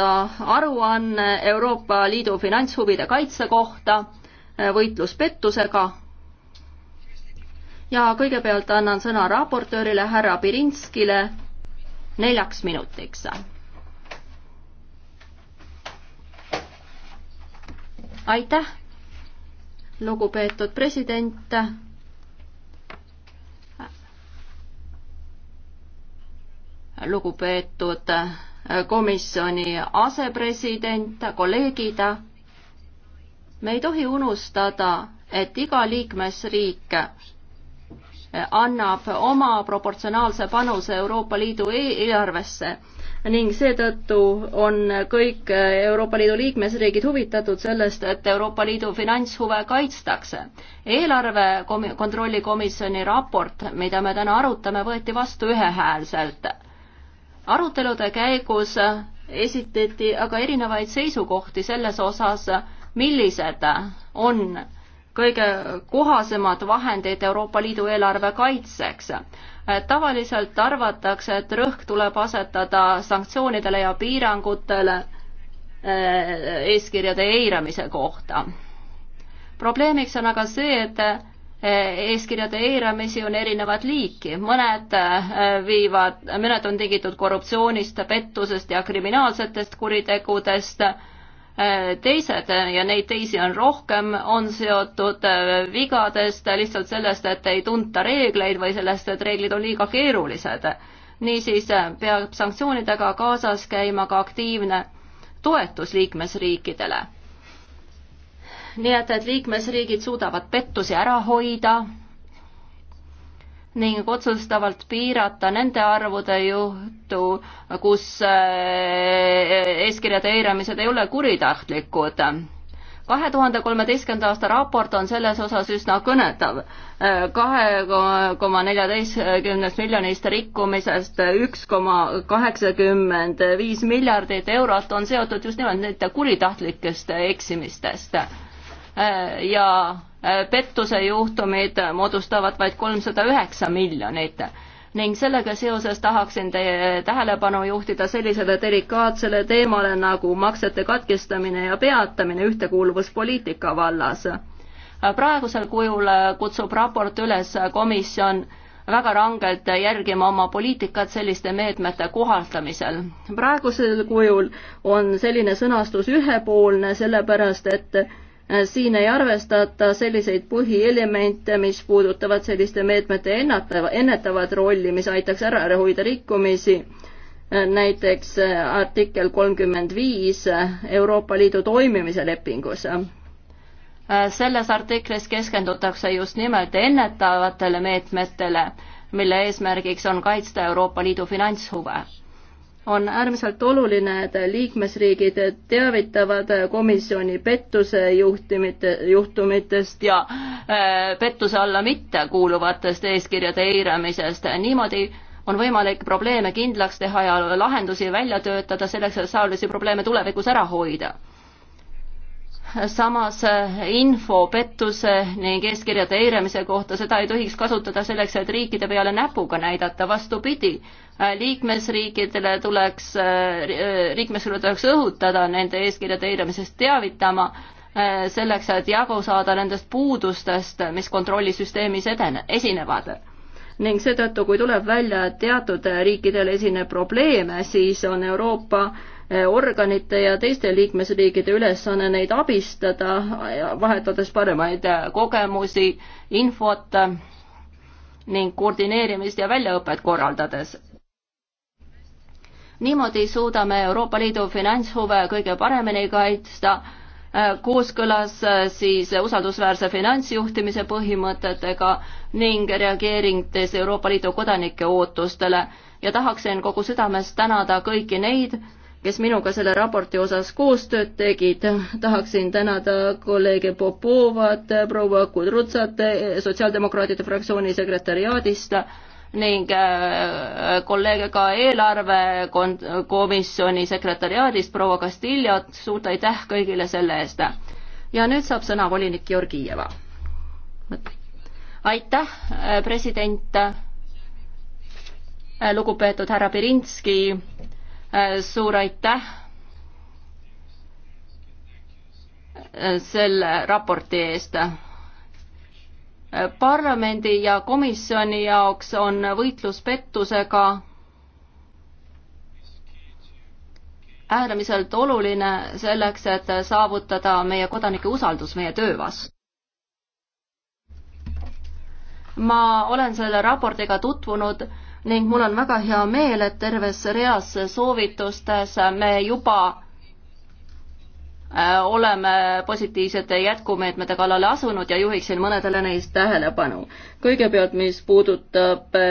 aasta aruanne Euroopa Liidu finantshuvide kaitse kohta, eh, võitlus pettusega. ja kõigepealt annan sõna raportöörile härra Pirinskile neljaks minutiks. aitäh, lugupeetud president lugupeetud komisjoni asepresident, kolleegid, me ei tohi unustada, et iga liikmesriik annab oma proportsionaalse panuse Euroopa Liidu eelarvesse ning seetõttu on kõik Euroopa Liidu liikmesriigid huvitatud sellest, et Euroopa Liidu finantshuve kaitstakse. eelarve kontrolli komisjoni raport, mida me täna arutame, võeti vastu ühehäälselt arutelude käigus esitati aga erinevaid seisukohti selles osas, millised on kõige kohasemad vahendid Euroopa Liidu eelarve kaitseks. tavaliselt arvatakse, et rõhk tuleb asetada sanktsioonidele ja piirangutele eh, eeskirjade eiramise kohta. probleemiks on aga see, et eeskirjade eiramisi on erinevat liiki, mõned äh, viivad, mõned on tingitud korruptsioonist, pettusest ja kriminaalsetest kuritegudest, äh, teised ja neid teisi on rohkem, on seotud äh, vigadest, lihtsalt sellest, et ei tunta reegleid või sellest, et reeglid on liiga keerulised. niisiis peab sanktsioonidega kaasas käima ka aktiivne toetus liikmesriikidele nii et, et liikmesriigid suudavad pettusi ära hoida ning otsustavalt piirata nende arvude juhtu, kus äh, eeskirjade eiramised ei ole kuritahtlikud kahe tuhande kolmeteistkümnenda aasta raport on selles osas üsna kõnetav. Äh, kahe koma neljateistkümnest miljonist rikkumisest üks koma kaheksakümmend viis miljardit eurot on seotud just nimelt nende kuritahtlikest eksimistest Äh, ja äh, pettuse juhtumid moodustavad vaid kolmsada üheksa miljonit ning sellega seoses tahaksin teie äh, tähelepanu juhtida sellisele delikaatsele teemale nagu maksete katkestamine ja peatamine ühtekuuluvuspoliitika vallas. praegusel kujul kutsub raport üles komisjon väga rangelt järgima oma poliitikat selliste meetmete kohaldamisel. praegusel kujul on selline sõnastus ühepoolne, sellepärast et Äh, siin ei arvestata selliseid põhielemente, mis puudutavad selliste meetmete ennatava, ennetavat rolli, mis aitaks ära hoida rikkumisi. Äh, näiteks äh, artikkel kolmkümmend viis Euroopa Liidu toimimise lepingus selles artiklis keskendutakse just nimelt ennetavatele meetmetele, mille eesmärgiks on kaitsta Euroopa Liidu finantshuve on äärmiselt oluline, et liikmesriigid teavitavad komisjoni pettuse juhtimite, juhtumitest ja äh, pettuse alla mittekuuluvatest eeskirjade eiramisest. niimoodi on võimalik probleeme kindlaks teha ja lahendusi välja töötada selleks, et taolisi probleeme tulevikus ära hoida samas äh, info pettuse ning eeskirjade eiramise kohta, seda ei tohiks kasutada selleks, et riikide peale näpuga näidata, vastupidi, Äh, liikmesriikidele tuleks, äh, äh, liikmesriigile tuleks õhutada nende eeskirjade eiramisest teavitama, selleks, et jagu saada nendest puudustest, mis kontrollisüsteemis edene, esinevad. ning seetõttu, kui tuleb välja, et teatud riikidel esineb probleeme, siis on Euroopa organite ja teiste liikmesriikide ülesanne neid abistada, vahetades paremaid kogemusi, infot ning koordineerimist ja väljaõpet korraldades niimoodi suudame Euroopa Liidu finantshuve kõige paremini kaitsta äh, kooskõlas äh, siis usaldusväärse finantsjuhtimise põhimõtetega ning reageerides Euroopa Liidu kodanike ootustele ja tahaksin kogu südamest tänada kõiki neid, kes minuga selle raporti osas koostööd tegid. tahaksin tänada kolleege Popovat, proua Kudrutsat sotsiaaldemokraatide fraktsiooni sekretäriaadist ning äh, kolleege ka eelarvekomisjoni sekretäriaadist, proua Kastiljat, suurt aitäh kõigile selle eest. ja nüüd saab sõna volinik Georgieva. aitäh, äh, president, äh, lugupeetud härra Pirinski, suur aitäh selle raporti eest parlamendi ja komisjoni jaoks on võitlus pettusega äärmiselt oluline selleks, et saavutada meie kodanike usaldus meie töö vastu. ma olen selle raportiga tutvunud ning mul on väga hea meel, et terves reas soovitustes me juba Äh, oleme positiivsete jätkumeetmete kallale asunud ja juhiksin mõnedele neist tähelepanu. kõigepealt, mis puudutab äh,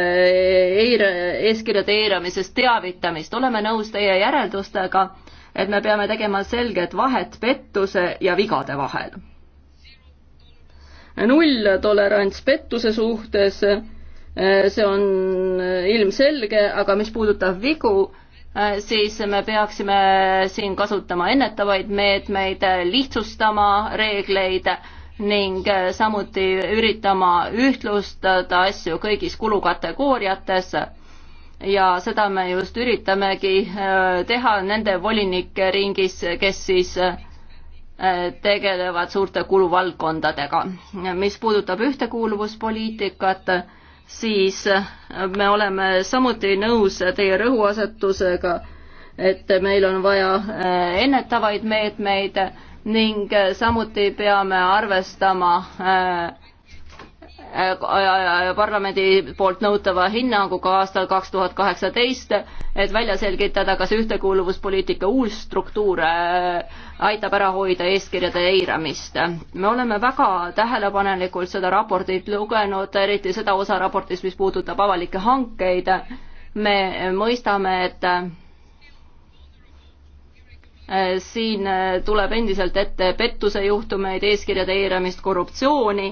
eira, eeskirjade eiramisest teavitamist, oleme nõus teie järeldustega, et me peame tegema selget vahet pettuse ja vigade vahel. nulltolerants pettuse suhtes, äh, see on ilmselge, aga mis puudutab vigu, Äh, siis me peaksime siin kasutama ennetavaid meetmeid, lihtsustama reegleid ning äh, samuti üritama ühtlustada asju kõigis kulukategooriates ja seda me just üritamegi äh, teha nende volinike ringis, kes siis tegelevad suurte kuluvaldkondadega. mis puudutab ühtekuuluvuspoliitikat, siis äh, me oleme samuti nõus teie rõhuasetusega, et meil on vaja äh, ennetavaid meetmeid ning äh, samuti peame arvestama äh, Äh, parlamendi poolt nõutava hinnanguga aastal kaks tuhat kaheksateist, et välja selgitada, kas ühtekuuluvuspoliitika uus struktuur äh, aitab ära hoida eeskirjade eiramist. me oleme väga tähelepanelikult seda raportit lugenud, eriti seda osa raportist, mis puudutab avalikke hankeid. me mõistame, et Äh, siin äh, tuleb endiselt ette pettuse juhtumeid, eeskirjade eiramist, korruptsiooni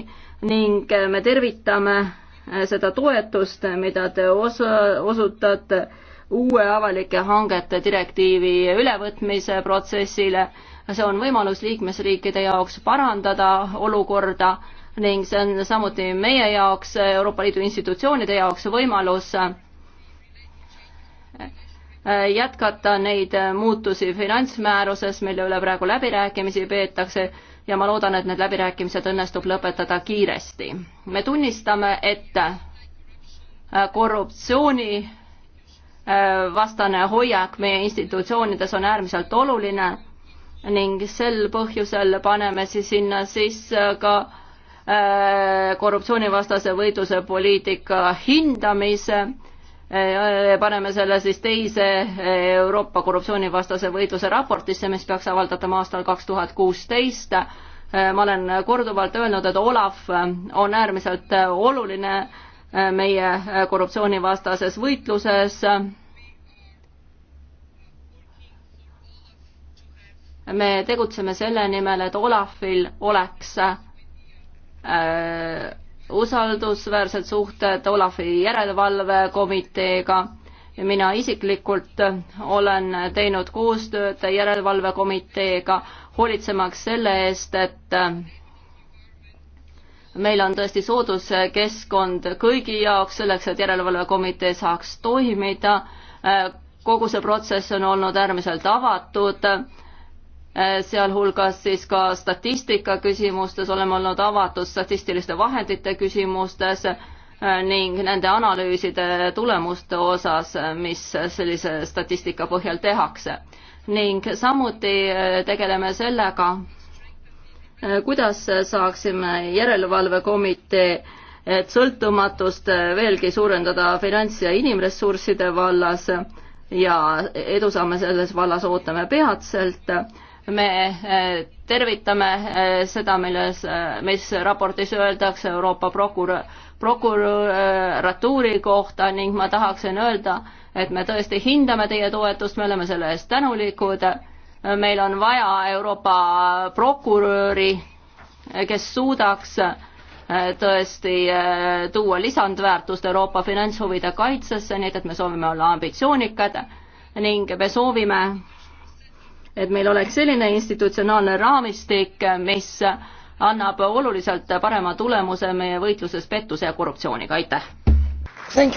ning äh, me tervitame seda toetust, mida te osa, osutate uue avalike hangete direktiivi ülevõtmise protsessile. see on võimalus liikmesriikide jaoks parandada olukorda ning see on samuti meie jaoks, Euroopa Liidu institutsioonide jaoks võimalus Äh, jätkata neid äh, muutusi finantsmääruses, mille üle praegu läbirääkimisi peetakse ja ma loodan, et need läbirääkimised õnnestub lõpetada kiiresti. me tunnistame, et äh, korruptsiooni vastane hoiak meie institutsioonides on äärmiselt oluline ning sel põhjusel paneme siis sinna sisse ka korruptsioonivastase võitluse poliitika hindamise paneme selle siis teise Euroopa korruptsioonivastase võitluse raportisse, mis peaks avaldatama aastal kaks tuhat kuusteist. ma olen korduvalt öelnud, et Olav on äärmiselt oluline meie korruptsioonivastases võitluses. me tegutseme selle nimel, et Olafil oleks äh, usaldusväärsed suhted Olavi järelevalvekomiteega. mina isiklikult olen teinud koostööd järelevalvekomiteega, hoolitsemaks selle eest, et meil on tõesti soodus keskkond kõigi jaoks, selleks et järelevalvekomitee saaks toimida. kogu see protsess on olnud äärmiselt avatud Äh, sealhulgas siis ka statistika küsimustes, oleme olnud avatud statistiliste vahendite küsimustes äh, ning nende analüüside tulemuste osas, äh, mis sellise statistika põhjal tehakse. ning samuti tegeleme sellega, kuidas saaksime Järelevalvekomitee sõltumatust veelgi suurendada finants- ja inimressursside vallas ja edusamme selles vallas ootame peatselt me eh, tervitame eh, seda, milles, mis raportis öeldakse Euroopa prokurör, prokuratuuri kohta ning ma tahaksin öelda, et me tõesti hindame teie toetust, me oleme selle eest tänulikud. meil on vaja Euroopa prokuröri, kes suudaks eh, tõesti tuua lisandväärtust Euroopa finantshuvide kaitsesse, nii et, et me soovime olla ambitsioonikad ning me soovime et meil oleks selline institutsionaalne raamistik, mis annab oluliselt parema tulemuse meie võitluses pettuse ja korruptsiooniga, aitäh! The...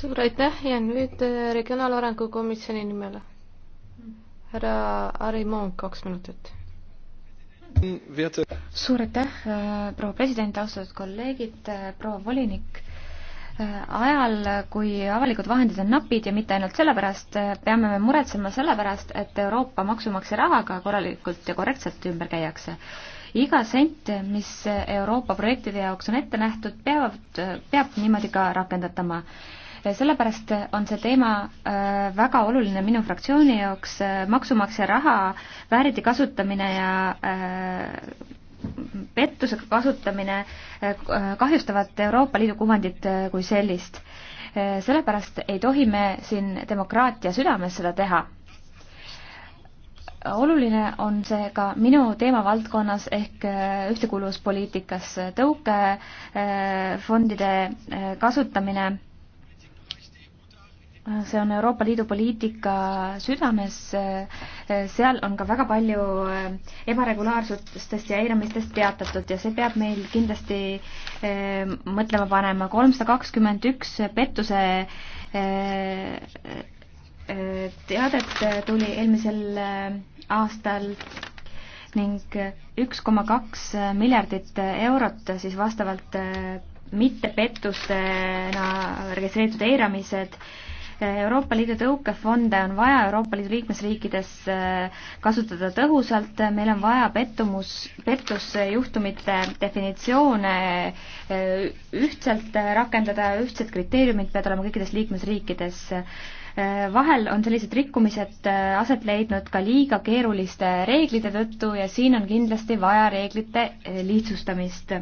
suur aitäh ja nüüd äh, Regionaalarengu Komisjoni nimel härra Arimon, kaks minutit. suur aitäh, äh, proua president, austatud kolleegid, äh, proua volinik Äh, ajal, kui avalikud vahendid on napid ja mitte ainult sellepärast, äh, peame me muretsema sellepärast, et Euroopa maksumaksja rahaga korralikult ja korrektselt ümber käiakse. iga sent, mis Euroopa projektide jaoks on ette nähtud, peavad, äh, peab niimoodi ka rakendatama sellepärast on see teema väga oluline minu fraktsiooni jaoks, maksumaksja raha vääriti kasutamine ja pettuse kasutamine eh, kahjustavad Euroopa Liidu kuvandit eh, kui sellist. Eh, sellepärast ei tohi me siin demokraatia südames seda teha oluline on see ka minu teemavaldkonnas ehk ühtekuuluvuspoliitikas tõukefondide kasutamine see on Euroopa Liidu poliitika südames, seal on ka väga palju ebaregulaarsustest ja eiramistest teatatud ja see peab meil kindlasti eh, mõtlema panema. kolmsada kakskümmend üks pettuse eh, eh, teadet tuli eelmisel aastal ning üks koma kaks miljardit eurot siis vastavalt mittepettusena registreeritud eiramised äh, Euroopa Liidu tõukefonde on vaja Euroopa Liidu liikmesriikides äh, kasutada tõhusalt, meil on vaja pettumus, pettusjuhtumite definitsioone äh, ühtselt äh, rakendada, ühtsed kriteeriumid peavad olema kõikides liikmesriikides vahel on sellised rikkumised aset leidnud ka liiga keeruliste reeglite tõttu ja siin on kindlasti vaja reeglite lihtsustamist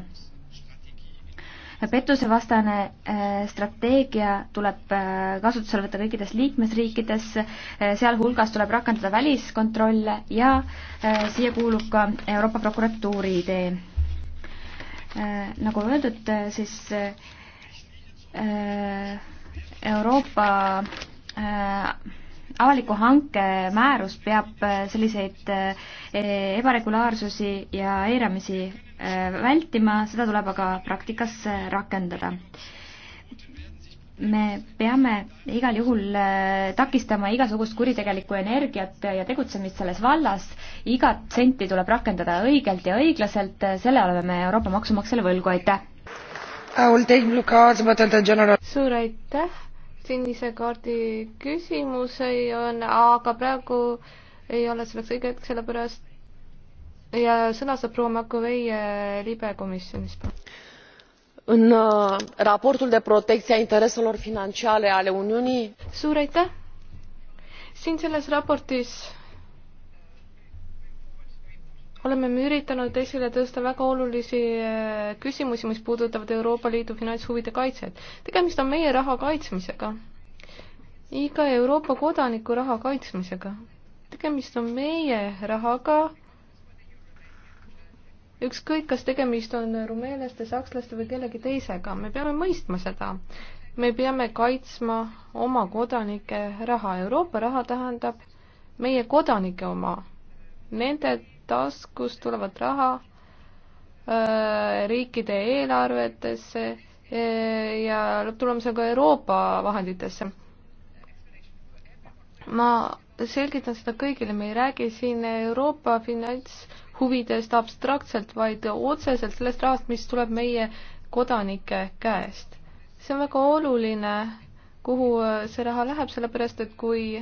pettusevastane äh, strateegia tuleb äh, kasutusele võtta kõikides liikmesriikides, äh, sealhulgas tuleb rakendada väliskontrolle ja siia kuulub ka Euroopa prokuratuuri idee. nagu öeldud, siis Euroopa avaliku hanke määrus peab selliseid ebaregulaarsusi ja eiramisi Äh, vältima, seda tuleb aga praktikas äh, rakendada. me peame igal juhul äh, takistama igasugust kuritegelikku energiat ja tegutsemist selles vallas, igat senti tuleb rakendada õigelt ja õiglaselt, selle oleme me Euroopa maksumaksjale võlgu, aitäh! suur aitäh! sinise kaardi küsimusi on, aga praegu ei ole selleks õige hetk, sellepärast ja sõna saab proua Makovei eh, libe komisjonis. În eh, raportul de protecție a intereselor financiare ale Uniunii. Suur aitäh! Siin selles raportis oleme me üritanud esile tõsta väga olulisi eh, küsimusi, mis puudutavad Euroopa Liidu finantshuvide kaitset. tegemist on meie raha kaitsmisega, iga Euroopa kodaniku raha kaitsmisega. tegemist on meie rahaga, ükskõik, kas tegemist on rumeenlaste, sakslaste või kellegi teisega, me peame mõistma seda. me peame kaitsma oma kodanike raha, Euroopa raha tähendab meie kodanike oma. Nende taskust tulevat raha öö, äh, riikide eelarvetesse äh, ja lõpptulemusega Euroopa vahenditesse. ma selgitan seda kõigile, me ei räägi siin Euroopa finants huvidest abstraktselt, vaid otseselt sellest rahast, mis tuleb meie kodanike käest. see on väga oluline, kuhu see raha läheb, sellepärast et kui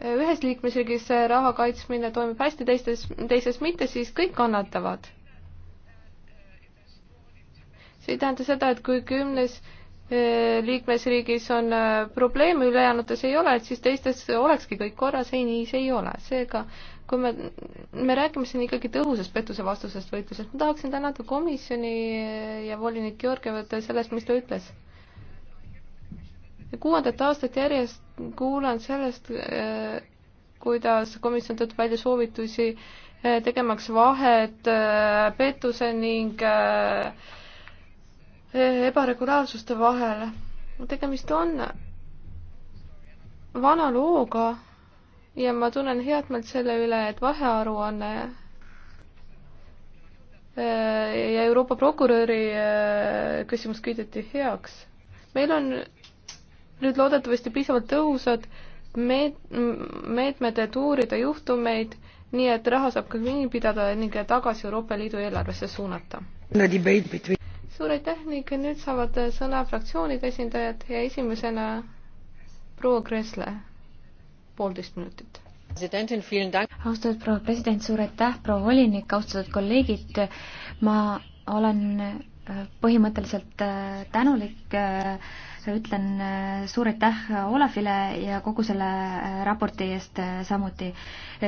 ühes liikmesriigis raha kaitsmine toimib hästi, teistes, teises mitte, siis kõik kannatavad. see ei tähenda seda, et kui kümnes Äh, liikmesriigis on äh, probleeme, ülejäänutes ei ole, et siis teistes olekski kõik korras, ei, nii see ei ole, seega kui me, me räägime siin ikkagi tõhusast pettusevastusest võitlusest, ma tahaksin tänada komisjoni äh, ja volinik Georgievat sellest, mis ta ütles. kuuendat aastat järjest kuulan sellest, kuidas komisjon tõttu välja soovitusi tegemaks vahet pettuse ning äh, ebaregulaarsuste vahel. tegemist on vana looga ja ma tunnen head meelt selle üle, et vahearuanne äh, ja Euroopa prokuröri äh, küsimus kiideti heaks. meil on nüüd loodetavasti piisavalt tõhusad meet-, meetmed, et uurida juhtumeid, nii et raha saab ka kinni pidada ning tagasi Euroopa Liidu eelarvesse suunata suur aitäh ning nüüd saavad sõna fraktsioonide esindajad ja esimesena proua Kresle, poolteist minutit. austatud proua president, suur aitäh, proua volinik, austatud kolleegid, ma olen põhimõtteliselt tänulik äh, lõpetuseks ütlen äh, suur aitäh äh, Olafile ja kogu selle äh, raporti eest samuti.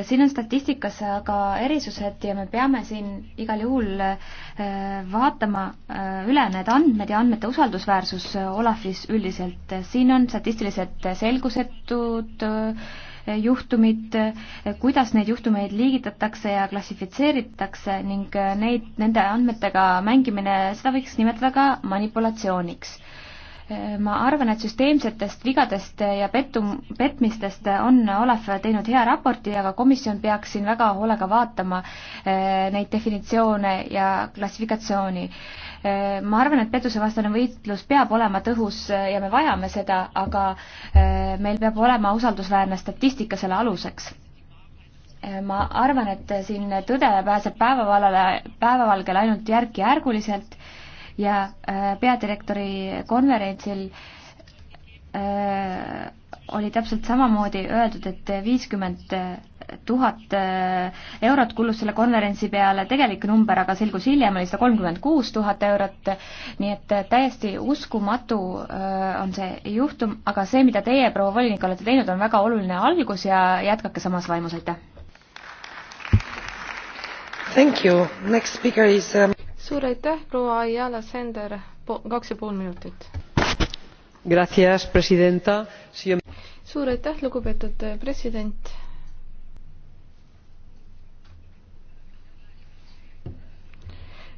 siin on statistikas aga erisused ja me peame siin igal juhul vaatama üle need andmed ja andmete usaldusväärsus Olafis üldiselt. siin on statistilised selgusetud juhtumid, kuidas neid juhtumeid liigitatakse ja klassifitseeritakse ning neid, nende andmetega mängimine, seda võiks nimetada ka manipulatsiooniks ma arvan, et süsteemsetest vigadest ja pettum-, petmistest on Olev teinud hea raporti, aga komisjon peaks siin väga hoolega vaatama eh, neid definitsioone ja klassifikatsiooni. Eh, ma arvan, et pettusevastane võitlus peab olema tõhus eh, ja me vajame seda, aga meil peab olema usaldusväärne statistika selle aluseks ma arvan, et siin tõde pääseb päevavalale, päevavalgele ainult järk-järguliselt ja äh, peadirektori konverentsil äh, oli täpselt samamoodi öeldud, et viiskümmend tuhat äh, eurot kulus selle konverentsi peale, tegelik number aga selgus hiljem, oli sada kolmkümmend kuus tuhat eurot, nii et täiesti uskumatu on see juhtum, aga see, mida teie, proua volinik, olete teinud, on väga oluline algus ja jätkake samas vaimus, aitäh! Thank you, next speaker is um suur aitäh, proua Ayala Sender, kaks ja pool minutit. suur aitäh, lugupeetud president.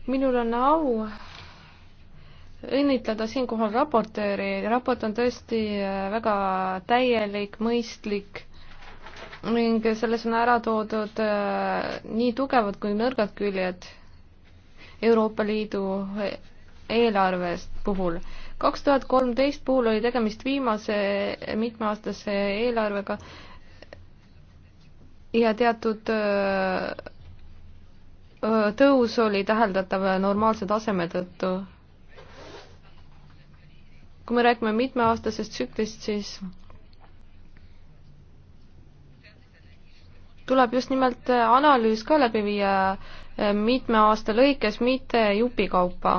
minul on au õnnitleda siinkohal raportööri, raport on tõesti väga täielik, mõistlik ning selles on ära toodud äh, nii tugevad kui nõrgad küljed Euroopa Liidu eelarvest puhul. kaks tuhat kolmteist puhul oli tegemist viimase mitmeaastase eelarvega ja teatud tõus oli täheldatav normaalse taseme tõttu. kui me räägime mitmeaastasest tsüklist, siis tuleb just nimelt äh, analüüs ka läbi viia äh, mitme aasta lõikes, mitte jupikaupa.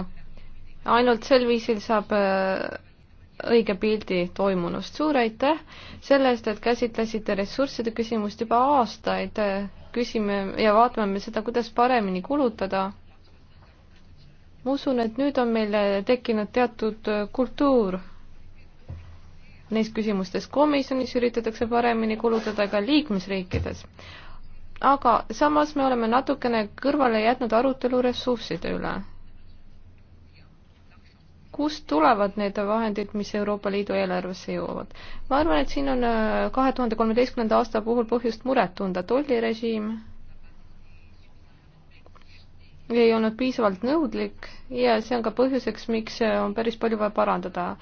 ainult sel viisil saab äh, õige pildi toimunust. suur aitäh selle eest, et käsitlesite ressursside küsimust juba aastaid. küsime ja vaatame me seda, kuidas paremini kulutada. ma usun, et nüüd on meil tekkinud teatud kultuur neis küsimustes komisjonis üritatakse paremini kulutada ka liikmesriikides. aga samas me oleme natukene kõrvale jätnud arutelu ressursside üle. kust tulevad need vahendid, mis Euroopa Liidu eelarvesse jõuavad? ma arvan, et siin on äh, kahe tuhande kolmeteistkümnenda aasta puhul põhjust muret tunda, tollirežiim ei olnud piisavalt nõudlik ja see on ka põhjuseks, miks äh, on päris palju vaja parandada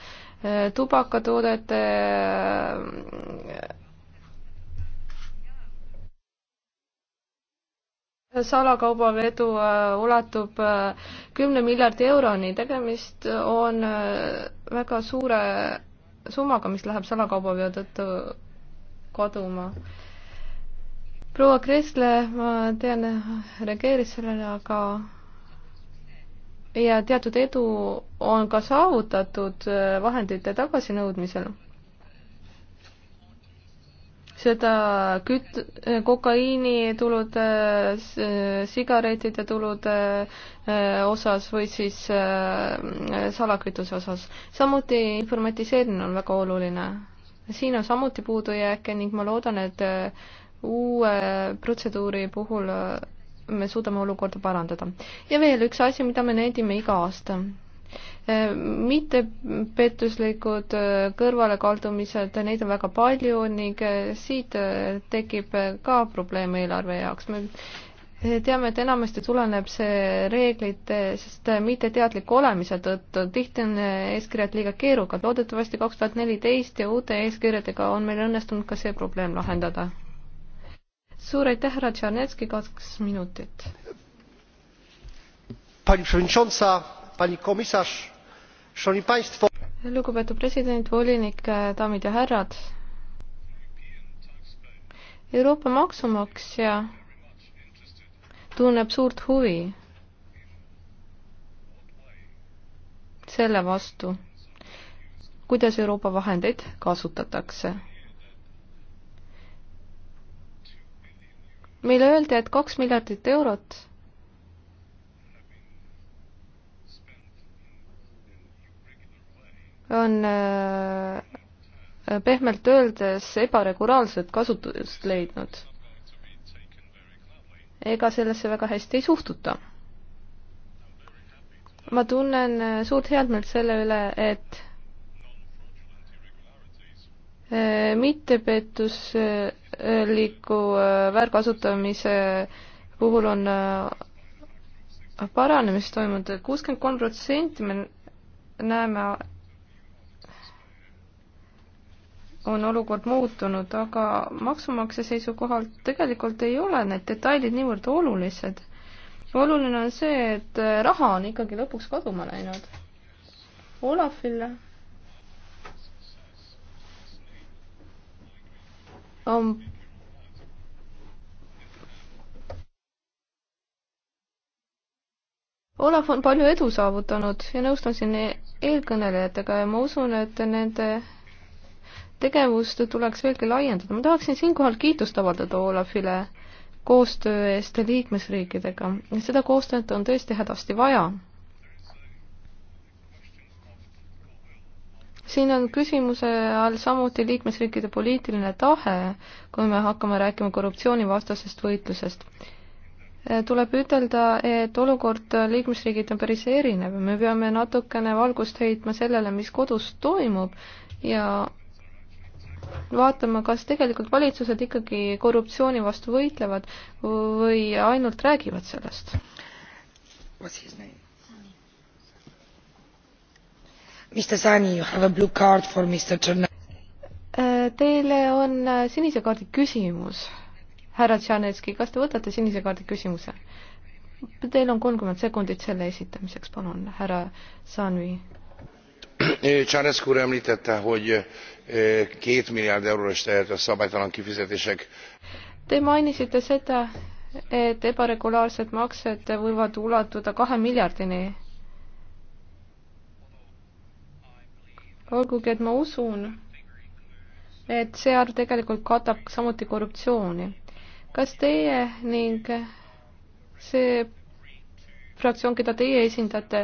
tubakatoodete salakaubavedu äh, ulatub äh, kümne miljardi euroni, tegemist on äh, väga suure summaga, mis läheb salakaubaveo tõttu kaduma. proua Kressle, ma tean, reageeris sellele, aga ja teatud edu on ka saavutatud äh, vahendite tagasinõudmisel. seda küt-, äh, kokaiinitulude, äh, sigaretide tulude osas või siis salakütuse osas. samuti informatiseerimine on väga oluline. siin on samuti puudujääke ning ma loodan, et uue protseduuri puhul me suudame olukorda parandada. ja veel üks asi, mida me nendime iga aasta. Äh, mittepettuslikud äh, kõrvalekaldumised, neid on väga palju ning äh, siit tekib ka probleem eelarve jaoks. me teame, et enamasti tuleneb see reeglitest mitteteadliku olemise tõttu, tihti on eeskirjad liiga keerukad, loodetavasti kaks tuhat neliteist ja uute eeskirjadega on meil õnnestunud ka see probleem lahendada suur aitäh, härra Tšernetski, kaks minutit. lugupeetud president, volinik, daamid ja härrad. Euroopa maksumaksja tunneb suurt huvi selle vastu, kuidas Euroopa vahendeid kasutatakse meile öeldi, et kaks miljardit eurot on äh, pehmelt öeldes ebaregulaarset kasutust leidnud. ega sellesse väga hästi ei suhtuta. ma tunnen äh, suurt headmeelt selle üle, et Äh, mittepettusliku äh, väärkasutamise puhul on äh, paranemist toimunud, kuuskümmend kolm protsenti me näeme, on olukord muutunud, aga maksumaksja seisukohalt tegelikult ei ole need detailid niivõrd olulised. oluline on see, et raha on ikkagi lõpuks kaduma läinud. Olafile on um, Olav on palju edu saavutanud ja nõustun siin eelkõnelejatega ja ma usun, et nende tegevust tuleks veelgi laiendada. ma tahaksin siinkohal kiitust avaldada Olafile koostöö eest liikmesriikidega. seda koostööd on tõesti hädasti vaja siin on küsimuse all samuti liikmesriikide poliitiline tahe, kui me hakkame rääkima korruptsioonivastasest võitlusest. Äh, tuleb ütelda, et olukord liikmesriigid on päris erinev, me peame natukene valgust heitma sellele, mis kodus toimub ja vaatama, kas tegelikult valitsused ikkagi korruptsiooni vastu võitlevad või ainult räägivad sellest. What's his name? Äh, teile on äh, sinise kaardi küsimus. härra Tšanetski, kas te võtate sinise kaardi küsimuse? Teil on kolmkümmend sekundit selle esitamiseks, palun, härra Sanvi. Csánescu úr említette, hogy két milliárd euróra is tehet a szabálytalan kifizetések. Te mainisite seda, et ebaregulaarsed maksed võivad ulatuda kahe miljardini olgugi, et ma usun, et see arv tegelikult katab samuti korruptsiooni. kas teie ning see fraktsioon, keda teie esindate,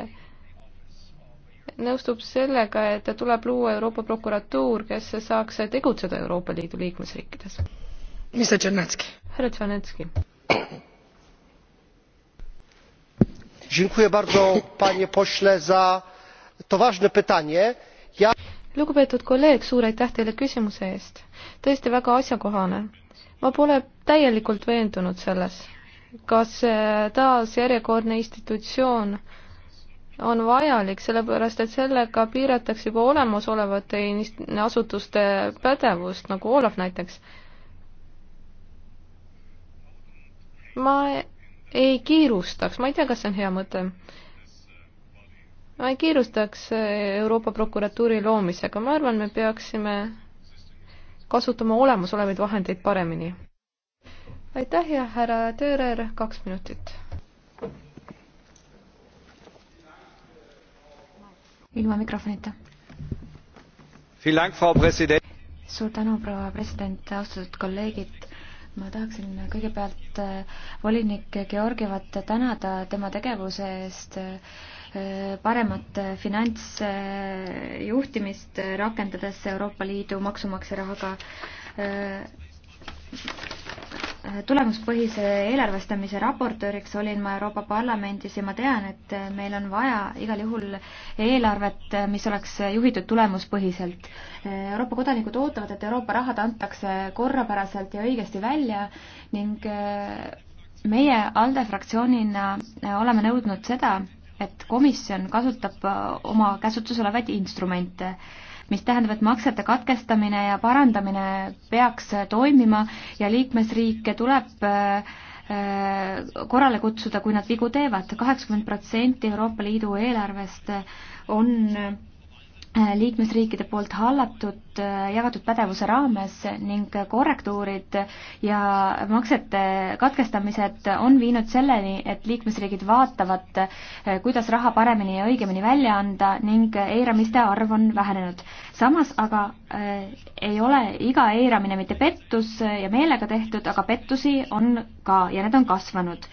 nõustub sellega, et tuleb luua Euroopa prokuratuur, kes saaks tegutseda Euroopa Liidu liikmesriikides. härra Tšernetski. Dziękuję bardzo, panie pośle, za to ważne pytanie lugupeetud kolleeg, suur aitäh teile küsimuse eest. tõesti väga asjakohane. ma pole täielikult veendunud selles, kas äh, taas järjekordne institutsioon on vajalik, sellepärast et sellega piiratakse juba olemasolevate asutuste pädevust, nagu Olav näiteks. ma ei kiirustaks, ma ei tea, kas see on hea mõte ma ei kiirustaks eh, Euroopa prokuratuuri loomisega, ma arvan, me peaksime kasutama olemasolevaid vahendeid paremini. aitäh ja härra Töörer, kaks minutit. ilma mikrofonita. suur tänu, proua president, austatud kolleegid ma tahaksin kõigepealt eh, volinik Georgievat tänada tema tegevuse eest paremat finantsjuhtimist, rakendades Euroopa Liidu maksumaksja rahaga äh, tulemuspõhise eelarvestamise raportööriks olin ma Euroopa Parlamendis ja ma tean, et meil on vaja igal juhul eelarvet, mis oleks juhitud tulemuspõhiselt. Euroopa kodanikud ootavad, et Euroopa rahad antakse korrapäraselt ja õigesti välja ning äh, meie ALDE fraktsioonina oleme nõudnud seda, et komisjon kasutab äh, oma käsutuses olevaid instrumente, mis tähendab, et maksete katkestamine ja parandamine peaks äh, toimima ja liikmesriike tuleb äh, korrale kutsuda, kui nad vigu teevad. kaheksakümmend protsenti Euroopa Liidu eelarvest on Äh, liikmesriikide poolt hallatud äh, jagatud pädevuse raames ning korrektuurid ja maksete katkestamised on viinud selleni, et liikmesriigid vaatavad, äh, kuidas raha paremini ja õigemini välja anda ning eiramiste arv on vähenenud. samas aga äh, ei ole iga eiramine mitte pettus ja meelega tehtud, aga pettusi on ka ja need on kasvanud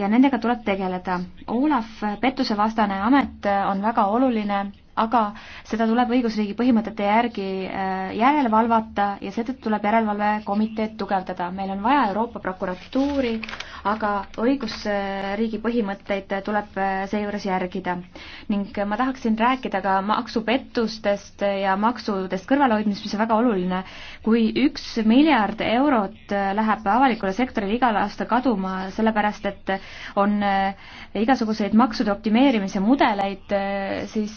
ja nendega tuleb tegeleda. Olav, pettusevastane amet on väga oluline aga seda tuleb õigusriigi põhimõtete järgi äh, järele valvata ja seetõttu tuleb järelevalvekomiteed tugevdada. meil on vaja Euroopa prokuratuuri, aga õigusriigi põhimõtteid tuleb äh, seejuures järgida. ning ma tahaksin rääkida ka maksupettustest ja maksudest kõrvalhoidmist, mis on väga oluline. kui üks miljard eurot äh, läheb avalikule sektorile igal aastal kaduma, sellepärast et on igasuguseid maksude optimeerimise mudeleid, siis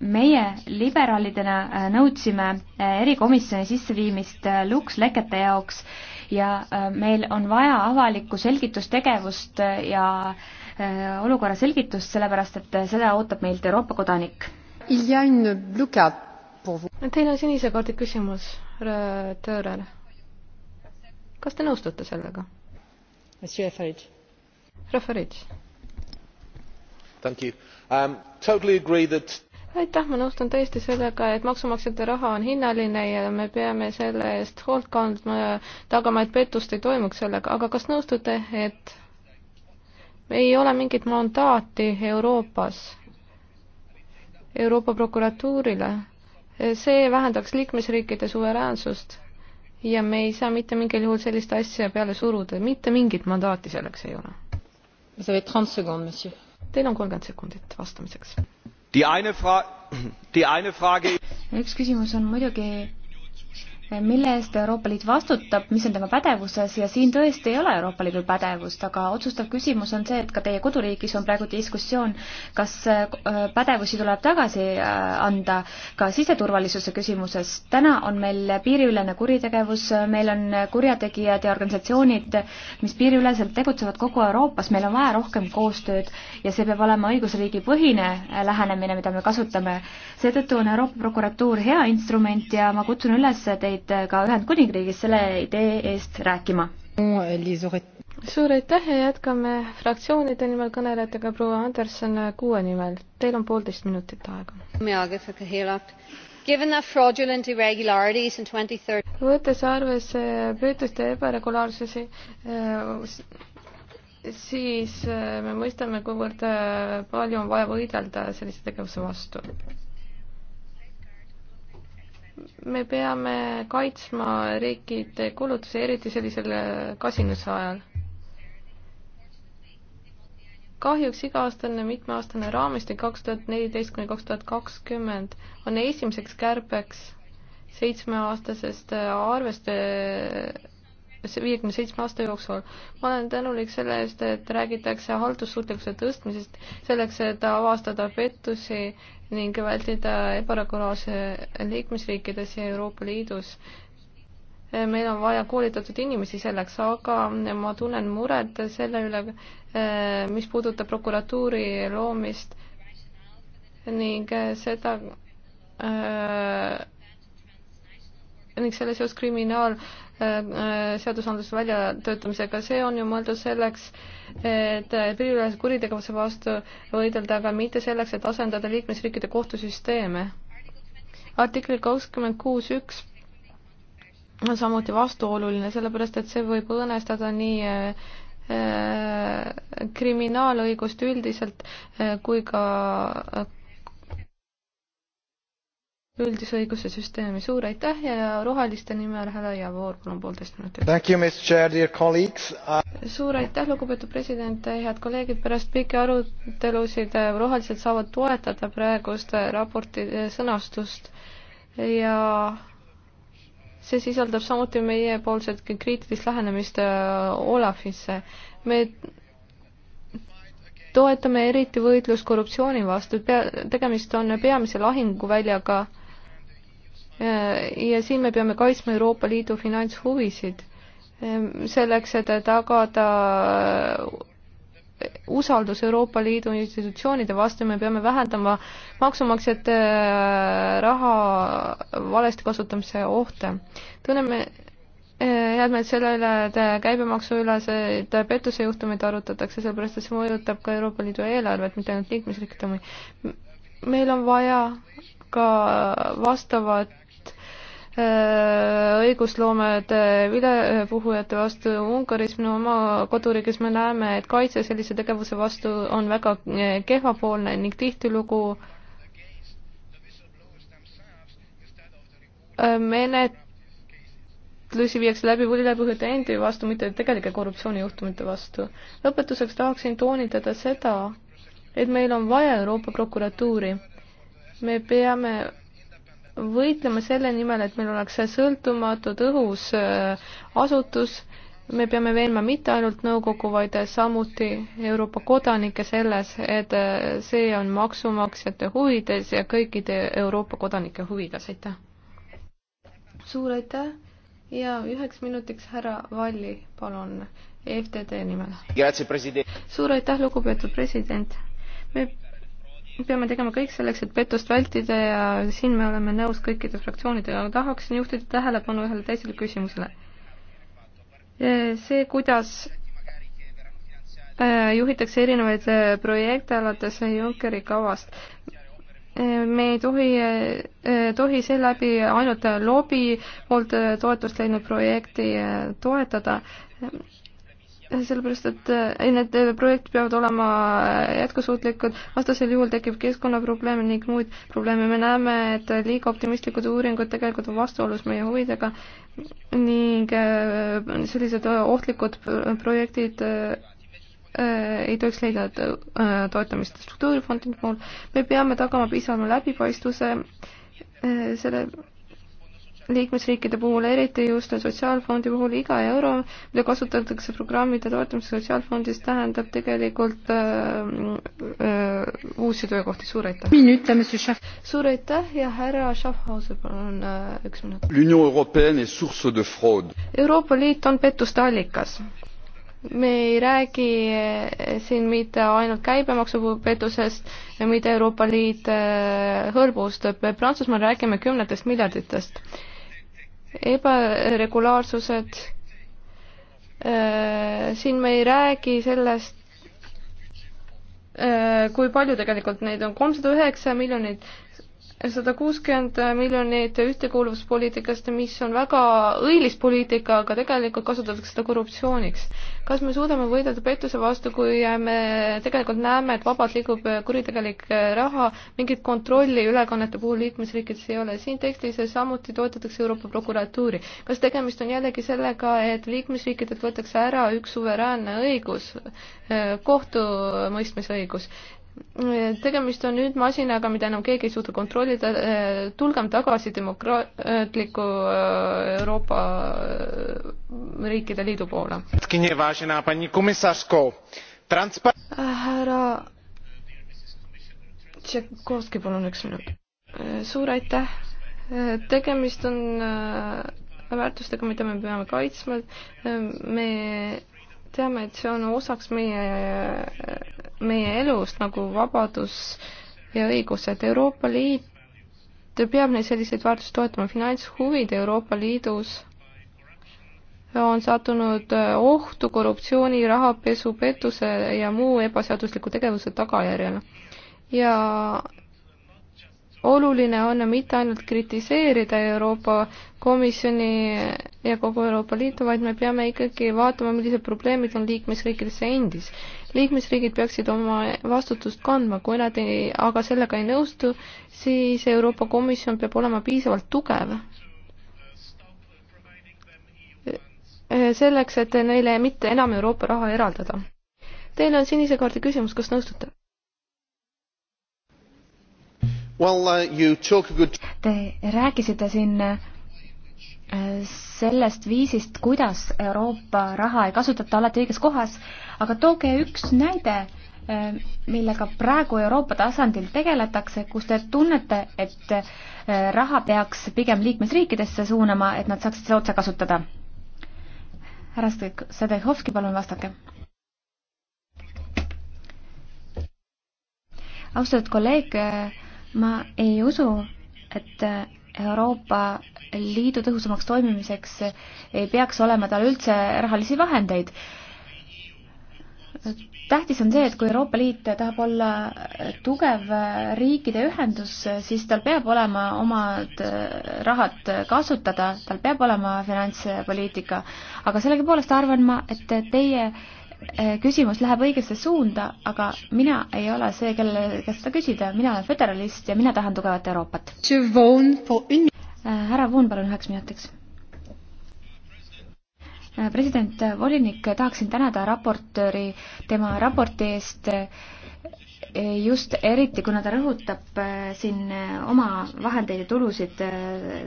meie liberaalidena äh, nõudsime äh, erikomisjoni sisseviimist äh, lukslekete jaoks ja meil on vaja avalikku selgitustegevust ja olukorra selgitust, sellepärast et seda ootab meilt Euroopa kodanik. Teil on sinise kaardi küsimus, Töörer. kas te nõustute sellega? härra Farage. Thank you. Um, totally agree that aitäh, ma nõustun tõesti sellega, et maksumaksjate raha on hinnaline ja me peame selle eest hoolt kandma ja tagama, et pettust ei toimuks sellega, aga kas nõustute, et ei ole mingit mandaati Euroopas, Euroopa prokuratuurile? see vähendaks liikmesriikide suveräänsust ja me ei saa mitte mingil juhul sellist asja peale suruda, mitte mingit mandaati selleks ei ole. Teil on kolmkümmend sekundit vastamiseks üks küsimus on muidugi mille eest Euroopa Liit vastutab, mis on tema pädevuses ja siin tõesti ei ole Euroopa Liidu pädevust, aga otsustav küsimus on see, et ka teie koduriigis on praegu diskussioon, kas äh, pädevusi tuleb tagasi äh, anda ka siseturvalisuse küsimuses. täna on meil piiriülene kuritegevus, meil on kurjategijad ja organisatsioonid, mis piiriüleselt tegutsevad kogu Euroopas, meil on vaja rohkem koostööd ja see peab olema õigusriigi põhine äh, lähenemine, mida me kasutame. seetõttu on Euroopa prokuratuur hea instrument ja ma kutsun üles teid teid ka Ühendkuningriigis selle idee eest rääkima. suur aitäh ja jätkame fraktsioonide nimel kõnelejatega, proua Anderson kuue nimel. Teil on poolteist minutit aega võttes arvesse püütuste ebaregulaarsusi eh, siis eh, me mõistame kuivõrd eh, palju on vaja võidelda sellise tegevuse vastu me peame kaitsma riikide kulutusi, eriti sellisel kasinuse ajal. kahjuks iga-aastane mitmeaastane raamistik kaks tuhat neliteist kuni kaks tuhat kakskümmend on esimeseks kärbeks seitsmeaastasest arvest- viiekümne seitsme aasta jooksul. ma olen tänulik selle eest, et räägitakse haldussuutlikkuse tõstmisest selleks, et avastada pettusi ning vältida ebaregulaarse liikmesriikides ja Euroopa Liidus meil on vaja koolitatud inimesi selleks, aga ma tunnen muret selle üle, mis puudutab prokuratuuri loomist ning seda ning selle seos kriminaalseadusandluse äh, äh, väljatöötamisega, see on ju mõeldud selleks, et piiriülese kuritegevuse vastu võidelda, aga mitte selleks, et asendada liikmesriikide kohtusüsteeme. artikli kakskümmend kuus üks on samuti vastuoluline, sellepärast et see võib õõnestada nii äh, kriminaalõigust üldiselt kui ka üldise õiguse süsteemi. suur aitäh ja roheliste nimel härra Javor, palun poolteist minutit. suur aitäh, lugupeetud president, head kolleegid, pärast pikki arutelusid eh, rohelised saavad toetada praegust eh, raporti eh, sõnastust ja see sisaldab samuti meiepoolset kriitilist lähenemist Olafisse. me toetame eriti võitlust korruptsiooni vastu, pea, tegemist on peamise lahinguväljaga äh, Äh, ja siin me peame kaitsma Euroopa Liidu finantshuvisid ähm, selleks, et tagada äh, usaldus Euroopa Liidu institutsioonide vastu, me peame vähendama maksumaksjate äh, raha valesti kasutamise ohte. tunneme head meelt selle üle, et käibemaksu üle seda pettusejuhtumeid arutatakse, sellepärast et see mõjutab ka Euroopa Liidu eelarvet, mitte ainult liikmesriikide omi. meil on vaja ka vastavat Äh, õigusloomed vilepuhujate äh, vastu Ungaris, minu oma koduriigis me näeme, et kaitse sellise tegevuse vastu on väga äh, kehvapoolne ning tihtilugu menetlusi viiakse läbi vilepuhujate endi vastu, mitte tegelike korruptsioonijuhtumite vastu. lõpetuseks tahaksin toonitada seda, et meil on vaja Euroopa prokuratuuri. me peame võitleme selle nimel, et meil oleks sõltumatu, tõhus äh, asutus, me peame veenma mitte ainult nõukogu, vaid samuti Euroopa kodanikke selles, et äh, see on maksumaksjate huvides ja kõikide Euroopa kodanike huvides, aitäh! suur aitäh ja üheks minutiks härra Valli, palun, EFTD nimel. suur aitäh, lugupeetud president! me peame tegema kõik selleks, et pettust vältida ja siin me oleme nõus kõikide fraktsioonidega, aga tahaksin juhtida tähelepanu ühele teisele küsimusele. see, kuidas äh, juhitakse erinevaid äh, projekte alates Junckeri kavast. me ei tohi, äh, tohi seeläbi ainult lobi poolt toetust leidnud projekti toetada sellepärast, et need projektid peavad olema jätkusuutlikud, vastasel juhul tekib keskkonnaprobleeme ning muid probleeme. me näeme, et liiga optimistlikud uuringud tegelikult on vastuolus meie huvidega ning äh, sellised ohtlikud projektid äh, ei tohiks leida äh, toetamist struktuurifondide puhul. me peame tagama piisavama läbipaistvuse selle liikmesriikide puhul, eriti just sotsiaalfondi puhul, iga euro, mida kasutatakse programmide toetamiseks sotsiaalfondis, tähendab tegelikult äh, äh, uusi töökohti, suur aitäh! suur aitäh ja härra Schaffhauser, palun äh, üks minut. Euroopa Liit on pettuste allikas me ei räägi äh, siin mitte ainult käibemaksupettusest, mida Euroopa Liit äh, hõlbustab, Prantsusmaal räägime kümnetest miljarditest ebaregulaarsused. Äh, siin me ei räägi sellest, äh, kui palju tegelikult neid on, kolmsada üheksa miljonit sada kuuskümmend miljonit ühtekuuluvuspoliitikast, mis on väga õilis poliitika, aga tegelikult kasutatakse seda korruptsiooniks. kas me suudame võidelda pettuse vastu, kui me tegelikult näeme, et vabalt liigub kuritegelik raha, mingit kontrolli ülekannete puhul liikmesriikides ei ole. siin tekstis samuti toetatakse Euroopa prokuratuuri. kas tegemist on jällegi sellega, et liikmesriikidelt võetakse ära üks suveräänne õigus, kohtumõistmise õigus? tegemist on nüüd masinaga, mida enam keegi ei suuda kontrollida, tulgem tagasi demokraatliku äh, Euroopa äh, riikide liidu poole. härra Tšekovski, palun üks minut. suur aitäh, tegemist on äh, väärtustega, mida me peame kaitsma, me teame, et see on osaks meie, meie elust nagu vabadus ja õigused. Euroopa Liit peab neid selliseid väärtusi toetama. finantshuvid Euroopa Liidus on sattunud äh, ohtu korruptsiooni, rahapesu, pettuse ja muu ebaseadusliku tegevuse tagajärjel. ja oluline on mitte ainult kritiseerida Euroopa Komisjoni ja kogu Euroopa Liitu, vaid me peame ikkagi vaatama, millised probleemid on liikmesriikides endis. liikmesriigid peaksid oma vastutust kandma, kui nad ei, aga sellega ei nõustu, siis Euroopa Komisjon peab olema piisavalt tugev. selleks, et neile mitte enam Euroopa raha eraldada. Teil on sinise kaardi küsimus, kas nõustute? Well, uh, good... Te rääkisite siin äh, sellest viisist, kuidas Euroopa raha ei kasutata alati õiges kohas, aga tooge üks näide, äh, millega praegu Euroopa tasandil tegeletakse, kus te tunnete, et äh, raha peaks pigem liikmesriikidesse suunama, et nad saaksid seda otse kasutada. härra Sedehovski, palun vastake. austatud kolleeg ma ei usu, et Euroopa Liidu tõhusamaks toimimiseks ei peaks olema tal üldse rahalisi vahendeid. tähtis on see, et kui Euroopa Liit tahab olla tugev riikide ühendus, siis tal peab olema omad rahad kasutada, tal peab olema finantspoliitika, aga sellegipoolest arvan ma, et teie Äh, küsimus läheb õigesse suunda, aga mina ei ole see, kellele, kes seda küsida, mina olen föderalist ja mina tahan tugevat Euroopat. Äh, härra Voon, palun üheks minutiks. Äh, president volinik, tahaksin tänada raportööri tema raporti eest just eriti, kuna ta rõhutab siin oma vahendeid ja tulusid,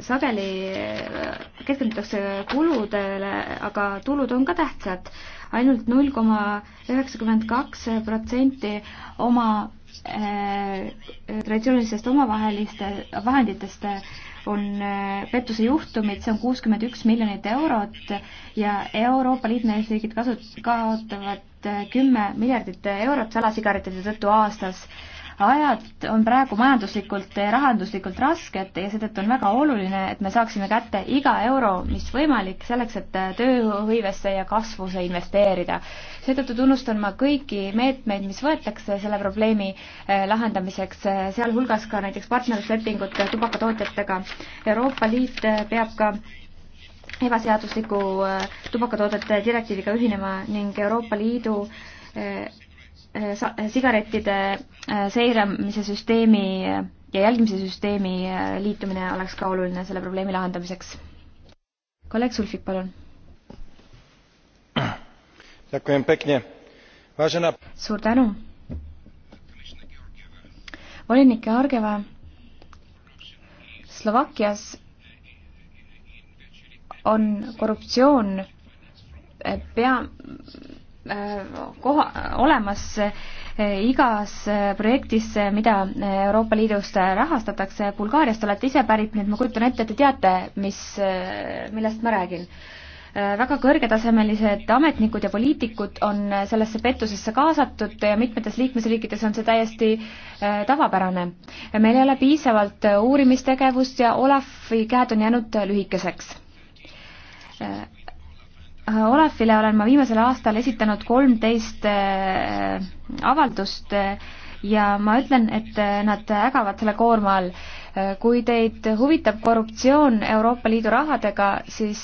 sageli keskendutakse kuludele, aga tulud on ka tähtsad ainult null koma üheksakümmend kaks protsenti oma äh, traditsioonilisest omavaheliste vahenditest on äh, pettuse juhtumid, see on kuuskümmend üks miljonit eurot ja Euroopa Liidu liikmesriigid kasut-, kaotavad äh, kümme miljardit eurot salasigarettide tõttu aastas ajad on praegu majanduslikult ja rahanduslikult rasked ja seetõttu on väga oluline, et me saaksime kätte iga euro, mis võimalik, selleks et tööhõivesse ja kasvusse investeerida. seetõttu tunnustan ma kõiki meetmeid, mis võetakse selle probleemi eh, lahendamiseks, eh, sealhulgas ka näiteks partnerluslepingud tubakatootjatega. Euroopa Liit eh, peab ka ebaseadusliku tubakatoodete direktiiviga ühinema ning Euroopa Liidu Äh, äh, sigarettide äh, seiramise süsteemi ja jälgimise süsteemi liitumine oleks ka oluline selle probleemi lahendamiseks. kolleeg Sulfik, palun. suur tänu. volinik Georgieva, Slovakkias on korruptsioon pea Äh, koha, olemas äh, igas äh, projektis, mida Euroopa Liidust rahastatakse. Bulgaariast olete ise pärit, nii et ma kujutan ette, te teate, mis, millest ma räägin väga kõrgetasemelised ametnikud ja poliitikud on sellesse pettusesse kaasatud ja mitmetes liikmesriikides on see täiesti tavapärane. meil ei ole piisavalt uurimistegevust ja Olafi käed on jäänud lühikeseks Äh, Olafile olen ma viimasel aastal esitanud kolmteist äh, avaldust äh, ja ma ütlen, et nad ägavad selle koorma all. kui teid huvitab korruptsioon Euroopa Liidu rahadega, siis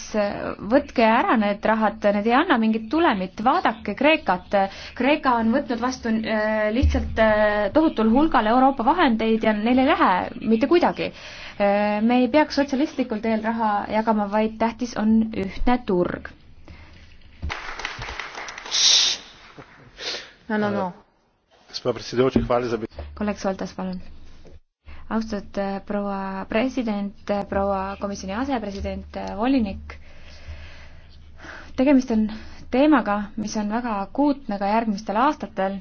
võtke ära need rahad, need ei anna mingit tulemit, vaadake Kreekat. Kreeka on võtnud vastu lihtsalt tohutul hulgal Euroopa vahendeid ja neil ei lähe mitte kuidagi. me ei peaks sotsialistlikul teel raha jagama, vaid tähtis on ühtne turg no no no. kolleeg Soltas, palun. austatud eh, proua president, eh, proua komisjoni asepresident, eh, volinik. tegemist on teemaga, mis on väga akuutne ka järgmistel aastatel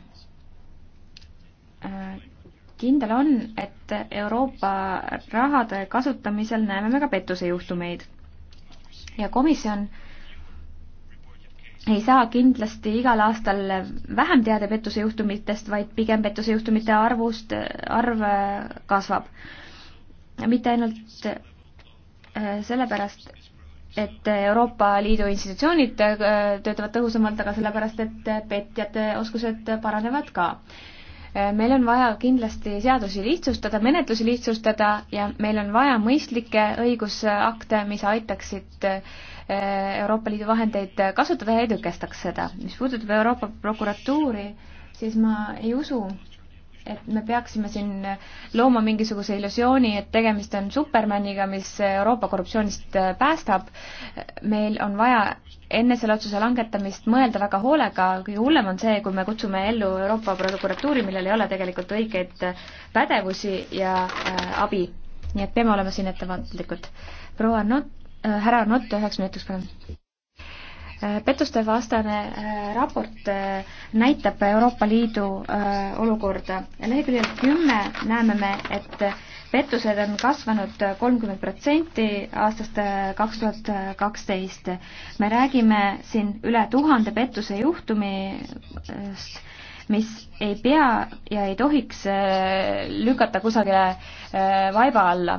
kindel on, et Euroopa rahade kasutamisel näeme me ka pettusejuhtumeid. ja komisjon äh, ei saa kindlasti igal aastal vähem teada pettusejuhtumitest, vaid pigem pettusejuhtumite arvust, arv äh, kasvab. mitte ainult äh, sellepärast, et Euroopa Liidu institutsioonid äh, töötavad tõhusamalt, aga sellepärast, et petjate oskused paranevad ka. meil on vaja kindlasti seadusi lihtsustada, menetlusi lihtsustada ja meil on vaja mõistlikke õigusakte, mis aitaksid äh, Eh, Euroopa Liidu vahendeid kasutada ja edukestaks seda. mis puudutab Euroopa prokuratuuri, siis ma ei usu, et me peaksime siin looma mingisuguse illusiooni, et tegemist on Supermaniga, mis Euroopa korruptsioonist päästab. meil on vaja enne selle otsuse langetamist mõelda väga hoolega, kõige hullem on see, kui me kutsume ellu Euroopa prokuratuuri, millel ei ole tegelikult õigeid pädevusi ja äh, abi. nii et peame olema siin ettevaatlikud. proua Nutt Äh, härra Nott üheks minutiks, palun äh, pettuste vastane äh, raport näitab Euroopa Liidu olukorda. leheküljel kümme näeme me, et pettused on kasvanud kolmkümmend protsenti aastast kaks tuhat kaksteist. me räägime siin üle tuhande pettuse juhtumist, mis ei pea ja ei tohiks lükata kusagile vaiba alla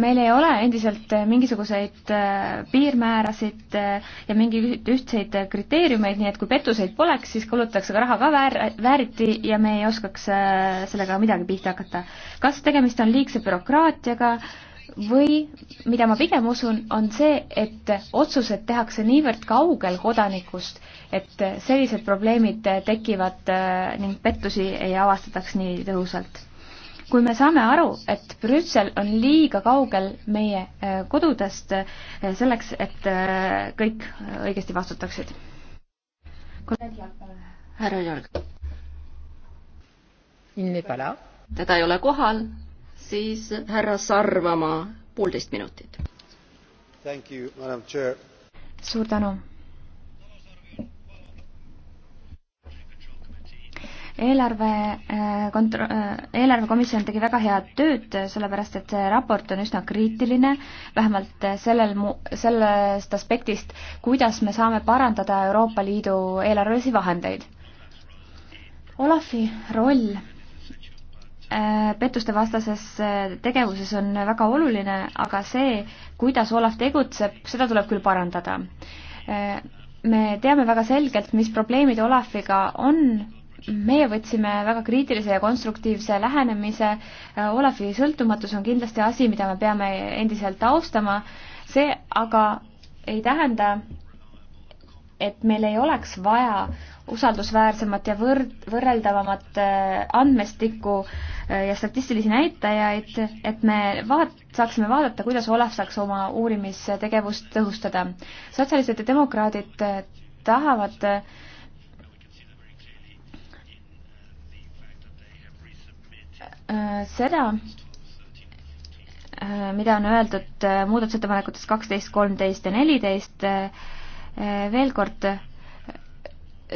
meil ei ole endiselt äh, mingisuguseid äh, piirmäärasid äh, ja mingeid ühtseid kriteeriumeid, nii et kui pettuseid poleks, siis kulutatakse ka raha ka väär, vääriti ja me ei oskaks sellega midagi pihta hakata. kas tegemist on liigse bürokraatiaga või mida ma pigem usun, on see, et otsused tehakse niivõrd kaugel kodanikust, et sellised probleemid tekivad ning pettusi ei avastataks nii tõhusalt kui me saame aru, et Brüssel on liiga kaugel meie äh, kodudest äh, selleks, et äh, kõik õigesti vastutaksid. härra Jorg. teda ei ole kohal, siis härra Sarvamaa, poolteist minutit. suur tänu eelarve äh, kontro-, äh, eelarvekomisjon tegi väga head tööd, sellepärast et see raport on üsna kriitiline, vähemalt äh, sellel mu-, sellest aspektist, kuidas me saame parandada Euroopa Liidu eelarvelisi vahendeid. Olafi roll pettustevastases tegevuses on väga oluline, aga see, kuidas Olav tegutseb, seda tuleb küll parandada. me teame väga selgelt, mis probleemid Olafiga on meie võtsime väga kriitilise ja konstruktiivse lähenemise. Äh, Olavi sõltumatus on kindlasti asi, mida me peame endiselt austama. see aga ei tähenda, et meil ei oleks vaja usaldusväärsemat ja võrd-, võrreldavamat äh, andmestikku äh, ja statistilisi näitajaid, et me vaat-, saaksime vaadata, kuidas Olev saaks oma uurimistegevust tõhustada. sotsialistid ja demokraadid tahavad äh, Äh, seda, äh, mida on öeldud äh, muudatusettepanekutes kaksteist, kolmteist ja neliteist, veel kord,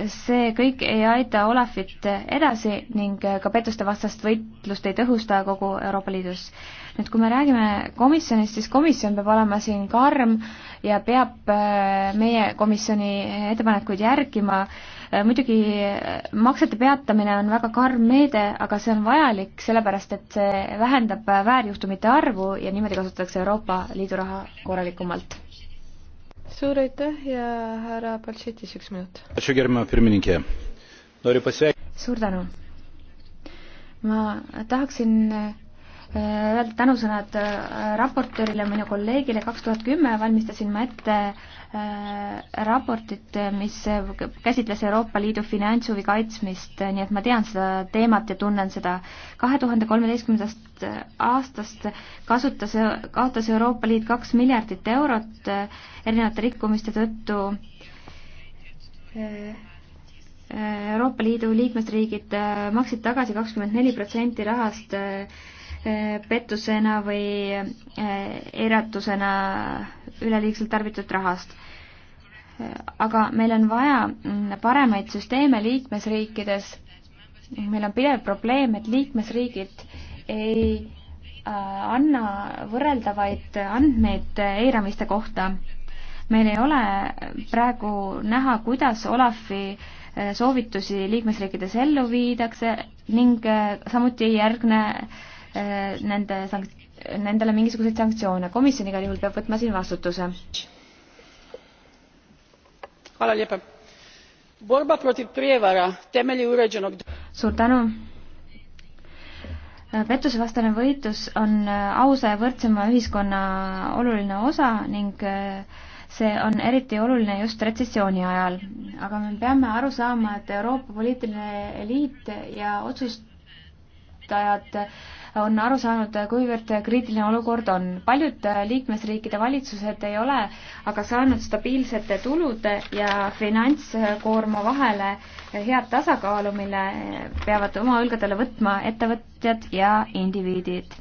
see kõik ei aita Olafit edasi ning ka pettuste vastast võitlust ei tõhusta kogu Euroopa Liidus. nüüd kui me räägime komisjonist, siis komisjon peab olema siin karm ja peab meie komisjoni ettepanekuid järgima äh, Äh, muidugi äh, maksete peatamine on väga karm meede, aga see on vajalik sellepärast, et see vähendab äh, väärjuhtumite arvu ja niimoodi kasutatakse Euroopa Liidu raha korralikumalt. suur aitäh ja härra Baltšetis üks minut. suur tänu. ma tahaksin Äh, öelda tänusõnad äh, raportöörile, minu kolleegile, kaks tuhat kümme valmistasin ma ette äh, raportit, mis käsitles Euroopa Liidu finantshuvi kaitsmist, nii et ma tean seda teemat ja tunnen seda. kahe tuhande kolmeteistkümnendast aastast kasutas, kaotas Euroopa Liit kaks miljardit eurot erinevate rikkumiste tõttu Euroopa Liidu liikmesriigid maksid tagasi kakskümmend neli protsenti rahast Äh, pettusena või äh, eiratusena üleliigselt tarbitud rahast. Äh, aga meil on vaja mm, paremaid süsteeme liikmesriikides. meil on pidev probleem, et liikmesriigid ei anna võrreldavaid andmeid eiramiste kohta. meil ei ole praegu näha, kuidas Olafi soovitusi liikmesriikides ellu viidakse ning samuti ei järgne äh, Äh, nende sank-, nendele mingisuguseid sanktsioone. komisjon igal juhul peab võtma siin vastutuse. suur tänu äh, pettusevastane võitlus on äh, ausa ja võrdsema ühiskonna oluline osa ning see on eriti oluline just retsessiooni ajal. aga me peame aru saama, et Euroopa poliitiline eliit ja otsustajad on aru saanud, kuivõrd kriitiline olukord on. paljud liikmesriikide valitsused ei ole aga saanud stabiilsete tulude ja finantskoorma vahele head tasakaalu, mille peavad oma õlgadele võtma ettevõtjad ja indiviidid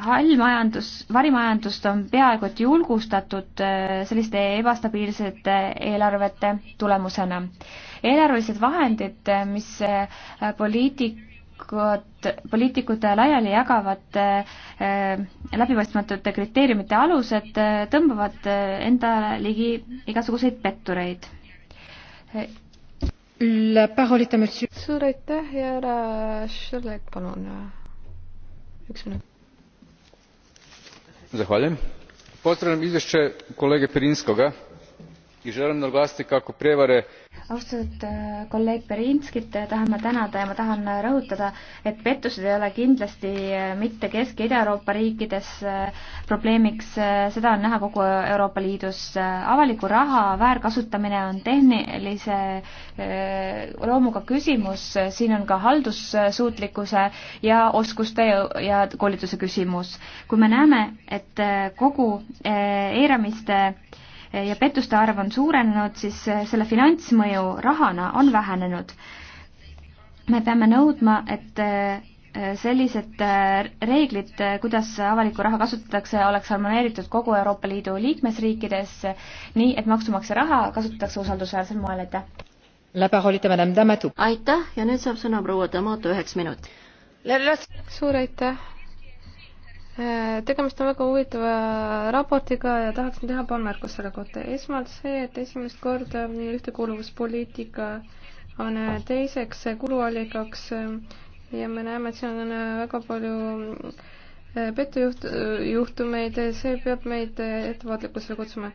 hall majandus, varimajandust on peaaegu et julgustatud selliste ebastabiilsete eelarvete tulemusena. eelarvelised vahendid, mis poliitik-, poliitikud, poliitikute laiali jagavad eh, läbipaistmatute kriteeriumite alused eh, tõmbavad eh, endale ligi igasuguseid pettureid. suur aitäh ja härra Šerlek, palun üks minut. Zahvaljujem. Pozdravljam izvješće kolege Pirinskoga austatud äh, kolleeg Berinskit äh, tahan ma tänada ja ma tahan äh, rõhutada, et pettused ei ole kindlasti mitte Kesk- ja Ida-Euroopa riikides probleemiks, seda on näha kogu Euroopa Liidus. avaliku raha väärkasutamine on tehnilise loomuga küsimus, siin on ka haldussuutlikkuse ja oskuste ja koolituse küsimus. kui me näeme, et kogu eiramiste ja pettuste arv on suurenenud, siis eh, selle finantsmõju rahana on vähenenud. me peame nõudma, et eh, sellised eh, reeglid, kuidas avalikku raha kasutatakse, oleks harmoneeritud kogu Euroopa Liidu liikmesriikides, nii et maksumaksja raha kasutatakse usaldusväärsel moel, aitäh! aitäh ja nüüd saab sõna proua Damato üheks minutiks. suur aitäh, tegemist on väga huvitava raportiga ja tahaksin teha paar märkust selle kohta. esmalt see, et esimest korda ühtekuuluvuspoliitika on teiseks kuluallikaks ja me näeme, et seal on väga palju äh, pettujuht-, juhtumeid, see peab meid ettevaatlikkusele kutsuma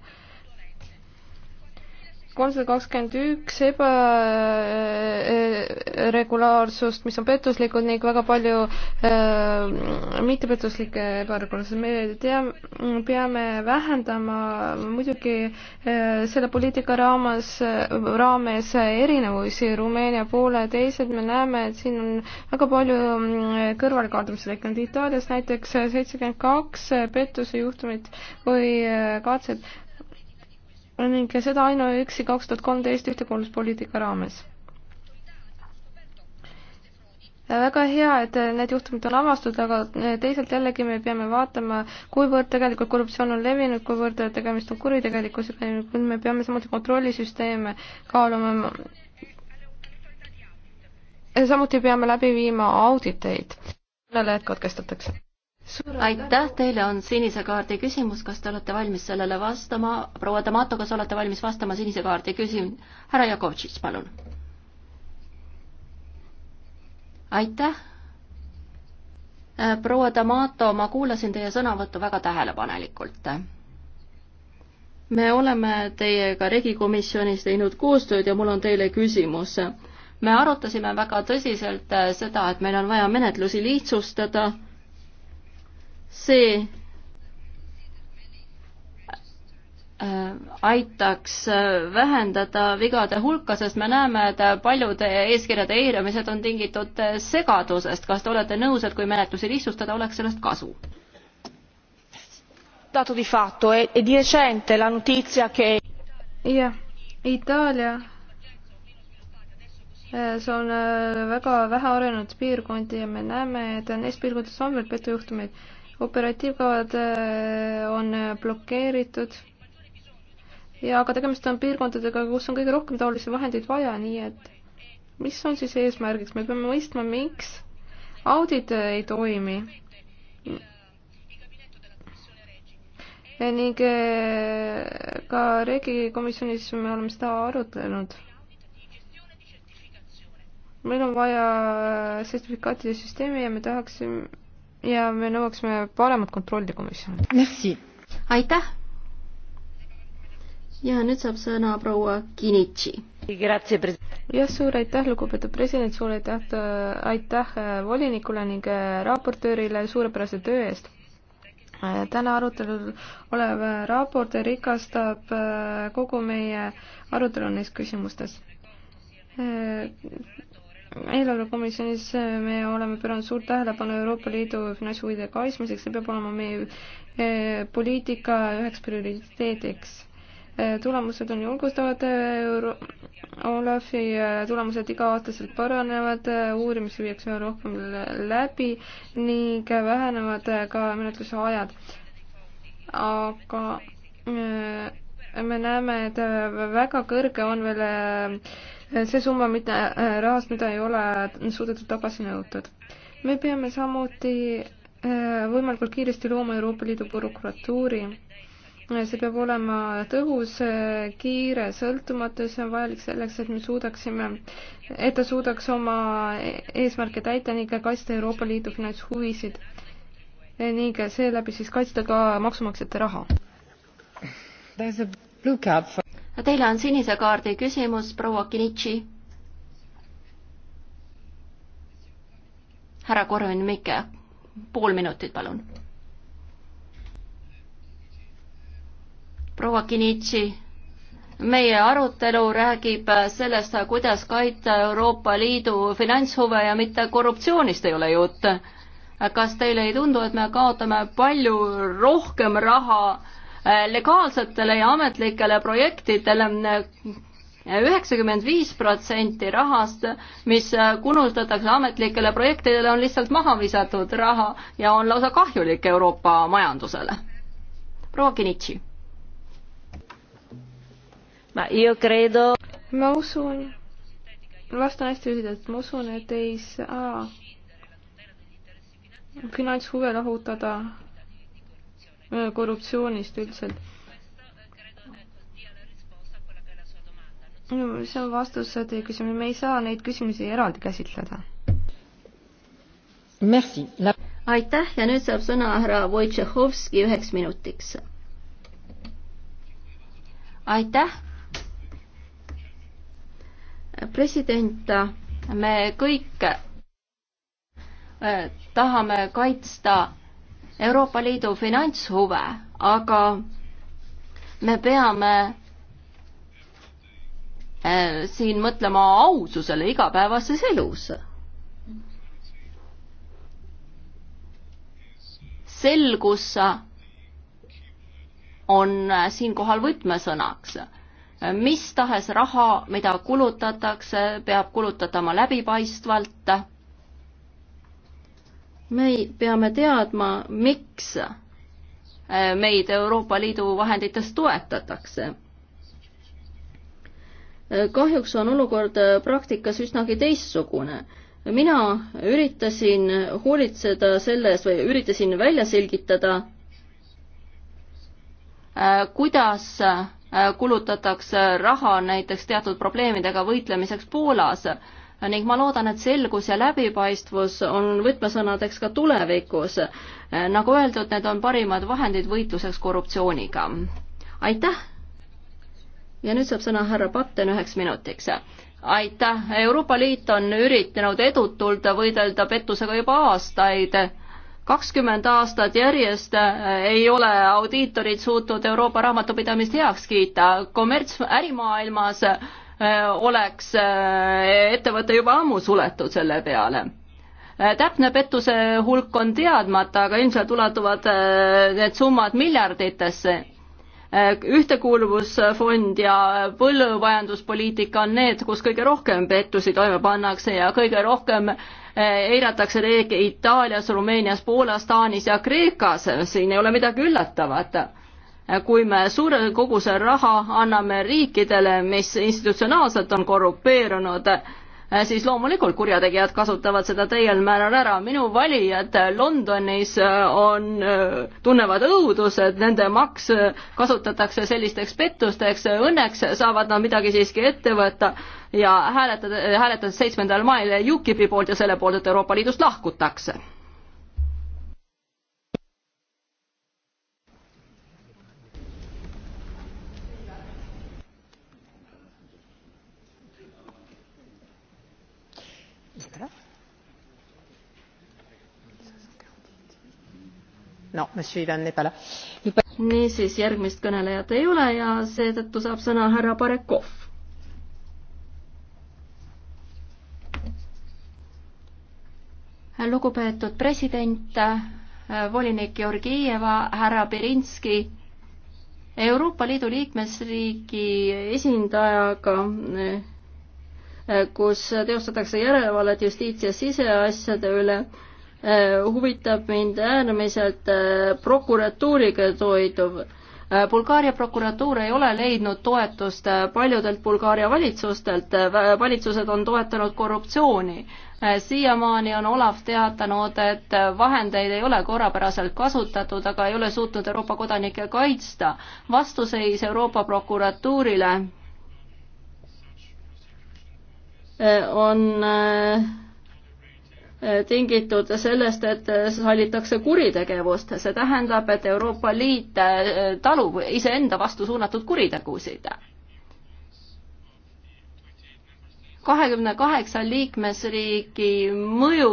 kolmsada kakskümmend üks ebaregulaarsust, mis on pettuslikud ning väga palju äh, mittepetuslikke ebaregulaarsusi. me teame, peame vähendama muidugi äh, selle poliitika raames, raames erinevusi Rumeenia poole ja teised, me näeme, et siin on väga palju mm, kõrvalekaldumisi tekkinud. Itaalias näiteks seitsekümmend kaks pettuse juhtumit või äh, katsed ning seda ainuüksi kaks tuhat kolmteist ühtekuuluvuspoliitika raames. väga hea, et need juhtumid on avastatud, aga eh, teisalt jällegi me peame vaatama, kuivõrd tegelikult korruptsioon on levinud, kuivõrd tegemist on kuritegelikkusega, me peame samuti kontrollisüsteeme kaaluma. samuti peame läbi viima auditeid, kõnelejad katkestatakse aitäh, teile on sinise kaardi küsimus, kas te olete valmis sellele vastama, proua Damato, kas olete valmis vastama sinise kaardi küsimusele? härra Jakovtšitš, palun. aitäh. proua Damato, ma kuulasin teie sõnavõttu väga tähelepanelikult. me oleme teiega regikomisjonis teinud koostööd ja mul on teile küsimus. me arutasime väga tõsiselt seda, et meil on vaja menetlusi lihtsustada see äh, aitaks äh, vähendada vigade hulka, sest me näeme, et paljude eeskirjade eiramised on tingitud äh, segadusest. kas te olete nõus, et kui menetlusi lihtsustada, oleks sellest kasu? jah, Itaalia, see on väga vähearenenud piirkond ja me näeme, et neis piirkondades on veel petujuhtumeid operatiivkavad äh, on äh, blokeeritud ja aga tegemist on piirkondadega, kus on kõige rohkem taolisi vahendeid vaja, nii et mis on siis eesmärgiks, me peame mõistma, miks audit äh, ei toimi. ning ka riigikomisjonis me oleme seda arutlenud. meil on vaja sertifikaatide süsteemi ja me tahaksime ja me nõuaksime paremat kontrolli komisjonilt. aitäh! ja nüüd saab sõna proua Kinitši. jah, suur aitäh, lugupeetud president, suur aitäh, äh, aitäh äh, volinikule ning äh, raportöörile suurepärase töö eest. täna arutelul olev raport rikastab kogu meie arutelu neis küsimustes eelarvekomisjonis eh, me oleme pööranud suurt tähelepanu Euroopa Liidu finantshuvide kaitsmiseks, see peab olema meie eh, poliitika üheks prioriteediks. Eh, tulemused on julgustavad, Euro-, Olafi tulemused iga-aastaselt paranevad, uurimisi viiakse üha rohkem läbi ning vähenevad ka menetluse ajad. aga me näeme, et väga kõrge on veel see summa, mida, äh, rahast, mida ei ole suudetud tagasi nõutud. me peame samuti äh, võimalikult kiiresti looma Euroopa Liidu prokuratuuri. see peab olema tõhus, äh, kiire, sõltumatu, see on vajalik selleks, et me suudaksime, et ta suudaks oma eesmärke täita ning kaitsta Euroopa Liidu finantshuvisid ning seeläbi siis kaitsta ka maksumaksjate raha. Teile on sinise kaardi küsimus, proua Kinitši. härra Korvin Mikke, pool minutit, palun. proua Kinitši, meie arutelu räägib sellest, kuidas kaitsta Euroopa Liidu finantshuve ja mitte korruptsioonist ei ole jutt. kas teile ei tundu, et me kaotame palju rohkem raha Äh, legaalsetele ja ametlikele projektidele äh, üheksakümmend viis protsenti rahast, mis äh, kulutatakse ametlikele projektidele, on lihtsalt maha visatud raha ja on lausa kahjulik Euroopa majandusele. proua Kinitši. ma usun, vastan hästi lühidalt, ma usun, et ei saa finantshuve rahutada Äh, korruptsioonist üldiselt. see on vastus teie küsimusele, me ei saa neid küsimusi eraldi käsitleda. aitäh ja nüüd saab sõna härra Wojciechowski üheks minutiks. aitäh. president, me kõik äh, tahame kaitsta Euroopa Liidu finantshuve, aga me peame äh, siin mõtlema aususele igapäevases elus. selgus on siinkohal võtmesõnaks. mis tahes raha, mida kulutatakse, peab kulutatama läbipaistvalt me peame teadma, miks äh, meid Euroopa Liidu vahenditest toetatakse. Äh, kahjuks on olukord äh, praktikas üsnagi teistsugune. mina üritasin hoolitseda selles või üritasin välja selgitada, kuidas kulutatakse raha näiteks teatud probleemidega võitlemiseks Poolas ning ma loodan, et selgus ja läbipaistvus on võtmesõnadeks ka tulevikus. nagu öeldud, need on parimad vahendid võitluseks korruptsiooniga. aitäh! ja nüüd saab sõna härra Patten üheks minutiks aitäh, Euroopa Liit on üritanud edutult võidelda pettusega juba aastaid kakskümmend aastat järjest ei ole audiitorid suutnud Euroopa raamatupidamist heaks kiita. kommerts, ärimaailmas Äh, oleks äh, ettevõte juba ammu suletud selle peale äh, täpne pettuse hulk on teadmata, aga ilmselt ulatuvad need summad miljarditesse. ühtekuuluvusfond ja põllumajanduspoliitika on need, kus kõige rohkem pettusi toime pannakse ja kõige rohkem eiratakse riike Itaalias, Rumeenias, Poolas, Taanis ja Kreekas, siin ei ole midagi üllatavat kui me suure koguse raha anname riikidele, mis institutsionaalselt on korrupeerunud, siis loomulikult kurjategijad kasutavad seda täiel määral ära. minu valijad Londonis on, tunnevad õudust, et nende maks kasutatakse sellisteks pettusteks. Õnneks saavad nad midagi siiski ette võtta ja hääletada, hääletades seitsmendal mail UKIP-i poolt ja selle poolt, et Euroopa Liidust lahkutakse no monsieur Ivan n'est pas là. niisiis, järgmist kõnelejat ei ole ja seetõttu saab sõna härra Parekov. lugupeetud president, volinik Georgieva, härra Berinski, Euroopa Liidu liikmesriigi esindajaga kus teostatakse järelevalvet justiits- ja siseasjade üle Äh, huvitab mind äärmiselt äh, prokuratuuriga toiduv. Äh, Bulgaaria prokuratuur ei ole leidnud toetust paljudelt Bulgaaria valitsustelt, valitsused on toetanud korruptsiooni. siiamaani on Olav teatanud, et vahendeid ei ole korrapäraselt kasutatud, aga ei ole suutnud Euroopa kodanikke kaitsta. vastuseis Euroopa prokuratuurile on tingitud sellest, et sallitakse kuritegevust, see tähendab, et Euroopa Liit äh, talub iseenda vastu suunatud kuritegusid. kahekümne kaheksa liikmesriigi mõju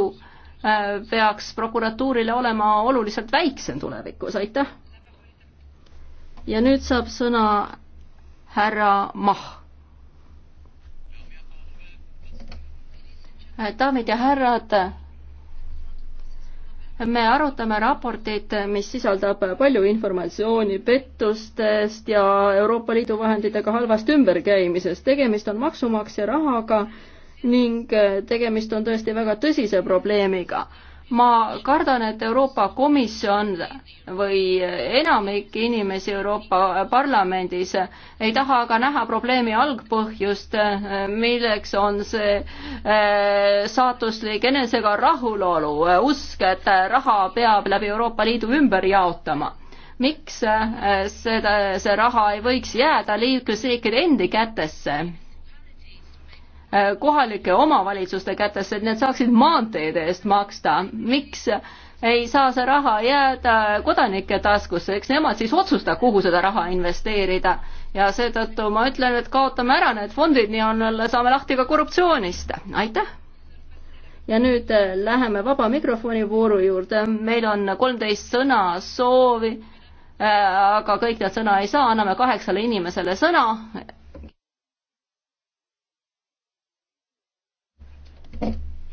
äh, peaks prokuratuurile olema oluliselt väiksem tulevikus, aitäh! ja nüüd saab sõna härra Mah daamid ja härrad, me arutame raportit, mis sisaldab palju informatsiooni pettustest ja Euroopa Liidu vahenditega halvast ümberkäimisest. tegemist on maksumaksja rahaga ning tegemist on tõesti väga tõsise probleemiga ma kardan, et Euroopa Komisjon või enamik inimesi Euroopa Parlamendis ei taha aga näha probleemi algpõhjust, milleks on see eh, saatuslik enesega rahulolu, usk, et raha peab läbi Euroopa Liidu ümber jaotama miks eh, seda, see raha ei võiks jääda liiklusriikide endi kätesse? Äh, kohalike omavalitsuste kätesse, et need saaksid maanteede eest maksta. miks ei saa see raha jääda kodanike taskusse, eks nemad siis otsusta, kuhu seda raha investeerida. ja seetõttu ma ütlen, et kaotame ära need fondid, nii on, saame lahti ka korruptsioonist. aitäh! ja nüüd äh, läheme vaba mikrofoni vooru juurde, meil on kolmteist sõna soovi äh, aga kõik need sõna ei saa, anname kaheksale inimesele sõna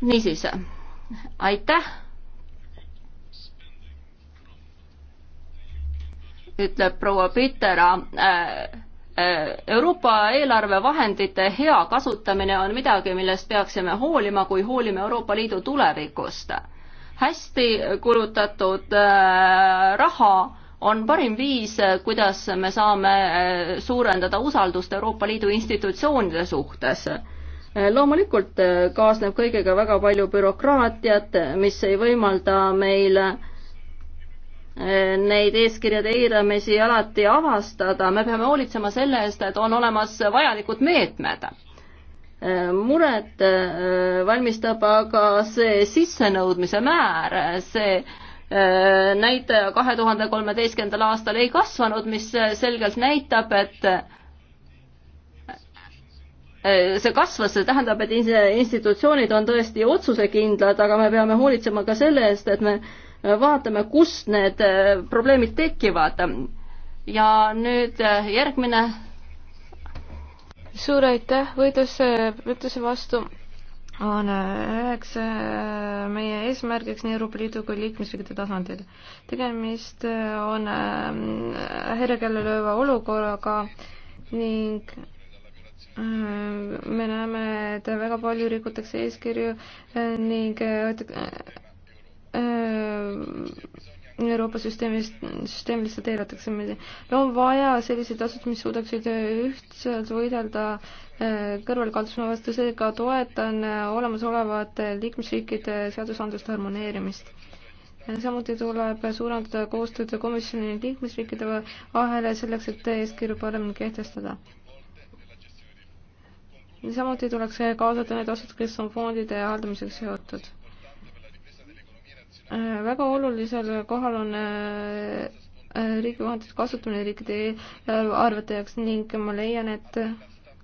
niisiis, aitäh. ütleb proua Pitera äh, äh,. Euroopa eelarvevahendite hea kasutamine on midagi, millest peaksime hoolima, kui hoolime Euroopa Liidu tulevikust. hästi kulutatud äh, raha on parim viis, kuidas me saame äh, suurendada usaldust Euroopa Liidu institutsioonide suhtes loomulikult äh, kaasneb kõigega väga palju bürokraatiat, mis ei võimalda meil äh, neid eeskirjade eiramisi alati avastada, me peame hoolitsema selle eest, et on olemas vajalikud meetmed. Äh, muret valmistab aga see sissenõudmise määr, see näitaja kahe tuhande kolmeteistkümnendal aastal ei kasvanud, mis selgelt näitab, et Äh, see kasvas, see tähendab, et institutsioonid on tõesti otsusekindlad, aga me peame hoolitsema ka selle eest, et me äh, vaatame, kust need äh, probleemid tekivad. ja nüüd järgmine. suur aitäh võitluse, võitluse vastu on üheks meie eesmärgiks nii Euroopa Liidu kui liikmesriikide tasandil. tegemist on häirekella lööva olukorraga ning Mm, me näeme, et väga palju rikutakse eeskirju eh, ning eh, eh, Euroopa süsteemist, süsteem lihtsalt eiratakse meid. no on vaja selliseid tasusid, mis suudaksid ühtselt võidelda kõrvalekaldusena vastu, seega toetan olemasolevate liikmesriikide seadusandluste harmoneerimist samuti tuleb suurendada koostööd komisjoni liikmesriikide vahel selleks, et eeskirju paremini kehtestada samuti tuleks kaasata need osad, kes on fondide haldamisega seotud. Äh, väga olulisel kohal on äh, äh, riigivahendite kasutamine riikide arvete jaoks ning ma leian, et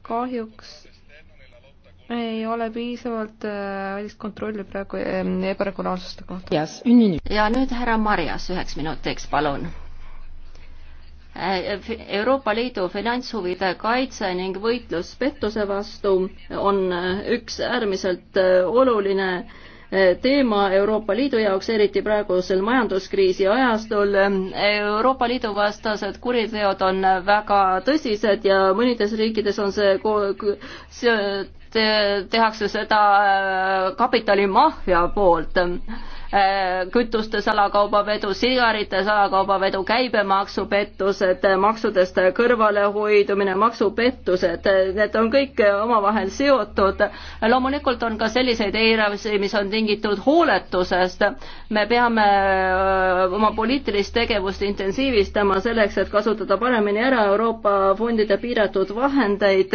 kahjuks ei ole piisavalt välist kontrolli praegu ebaregulaarsuste kohta. ja nüüd härra Marjas üheks minutiks, palun Euroopa Liidu finantshuvide kaitse ning võitlus pettuse vastu on eh, üks äärmiselt eh, oluline eh, teema Euroopa Liidu jaoks, eriti praegusel majanduskriisi ajastul. Euroopa Liidu vastased kuriteod on väga tõsised ja mõnides riikides on see, see tehakse seda kapitalimaffia poolt Äh, kütuste salakaubavedu, sigarite salakaubavedu, käibemaksupettused, maksudest kõrvalehoidumine, maksupettused, need on kõik omavahel seotud. loomulikult on ka selliseid eiramisi, mis on tingitud hooletusest. me peame äh, oma poliitilist tegevust intensiivistama selleks, et kasutada paremini ära Euroopa fondide piiratud vahendeid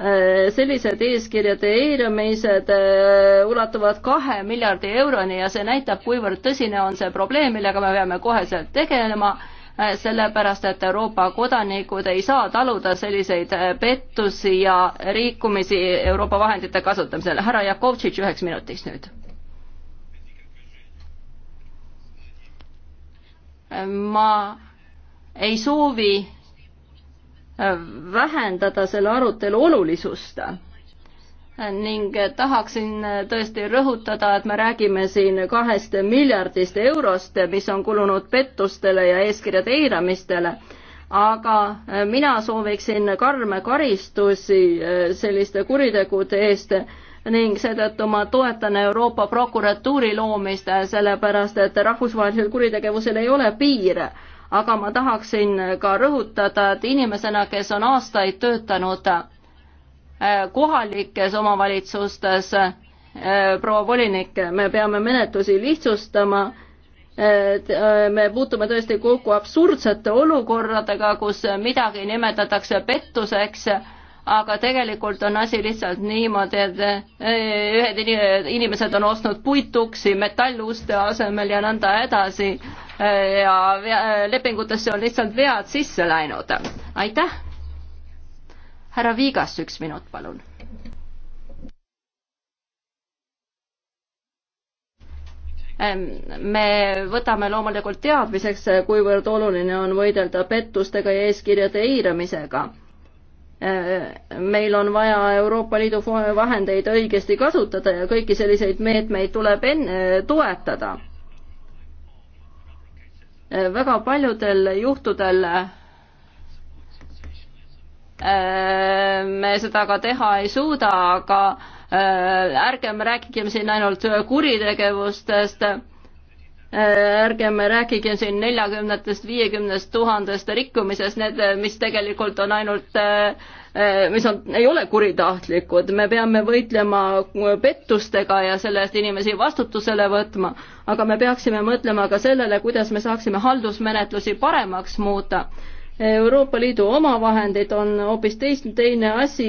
Äh, sellised eeskirjade eiramised äh, ulatuvad kahe miljardi euroni ja see näitab, kuivõrd tõsine on see probleem, millega me peame koheselt tegelema, äh, sellepärast et Euroopa kodanikud ei saa taluda selliseid pettusi ja rikkumisi Euroopa vahendite kasutamisel. härra Jakovtšitš üheks minutiks nüüd ma ei soovi vähendada selle arutelu olulisust. ning tahaksin tõesti rõhutada, et me räägime siin kahest miljardist eurost, mis on kulunud pettustele ja eeskirjade eiramistele aga mina sooviksin karme karistusi selliste kuritegude eest ning seetõttu ma toetan Euroopa prokuratuuri loomist, sellepärast et rahvusvahelisel kuritegevusel ei ole piire aga ma tahaksin ka rõhutada, et inimesena, kes on aastaid töötanud äh, kohalikes omavalitsustes, äh, proua volinik, me peame menetlusi lihtsustama, äh, me puutume tõesti kokku absurdsete olukordadega, kus midagi nimetatakse pettuseks, aga tegelikult on asi lihtsalt niimoodi, et ühed inimesed on ostnud puituksi metalluste asemel ja nõnda edasi ja lepingutesse on lihtsalt vead sisse läinud. aitäh! härra Viigas, üks minut, palun. me võtame loomulikult teadmiseks, kuivõrd oluline on võidelda pettustega ja eeskirjade eiramisega meil on vaja Euroopa Liidu vahendeid õigesti kasutada ja kõiki selliseid meetmeid tuleb enne toetada väga paljudel juhtudel äh, me seda ka teha ei suuda, aga äh, ärgem rääkigem siin ainult kuritegevustest, äh, ärgem rääkigem siin neljakümnetest, viiekümnest tuhandest rikkumisest, need, mis tegelikult on ainult äh, Äh, mis on, ei ole kuritahtlikud, me peame võitlema pettustega ja selle eest inimesi vastutusele võtma, aga me peaksime mõtlema ka sellele, kuidas me saaksime haldusmenetlusi paremaks muuta. Euroopa Liidu omavahendid on hoopis teist, teine asi,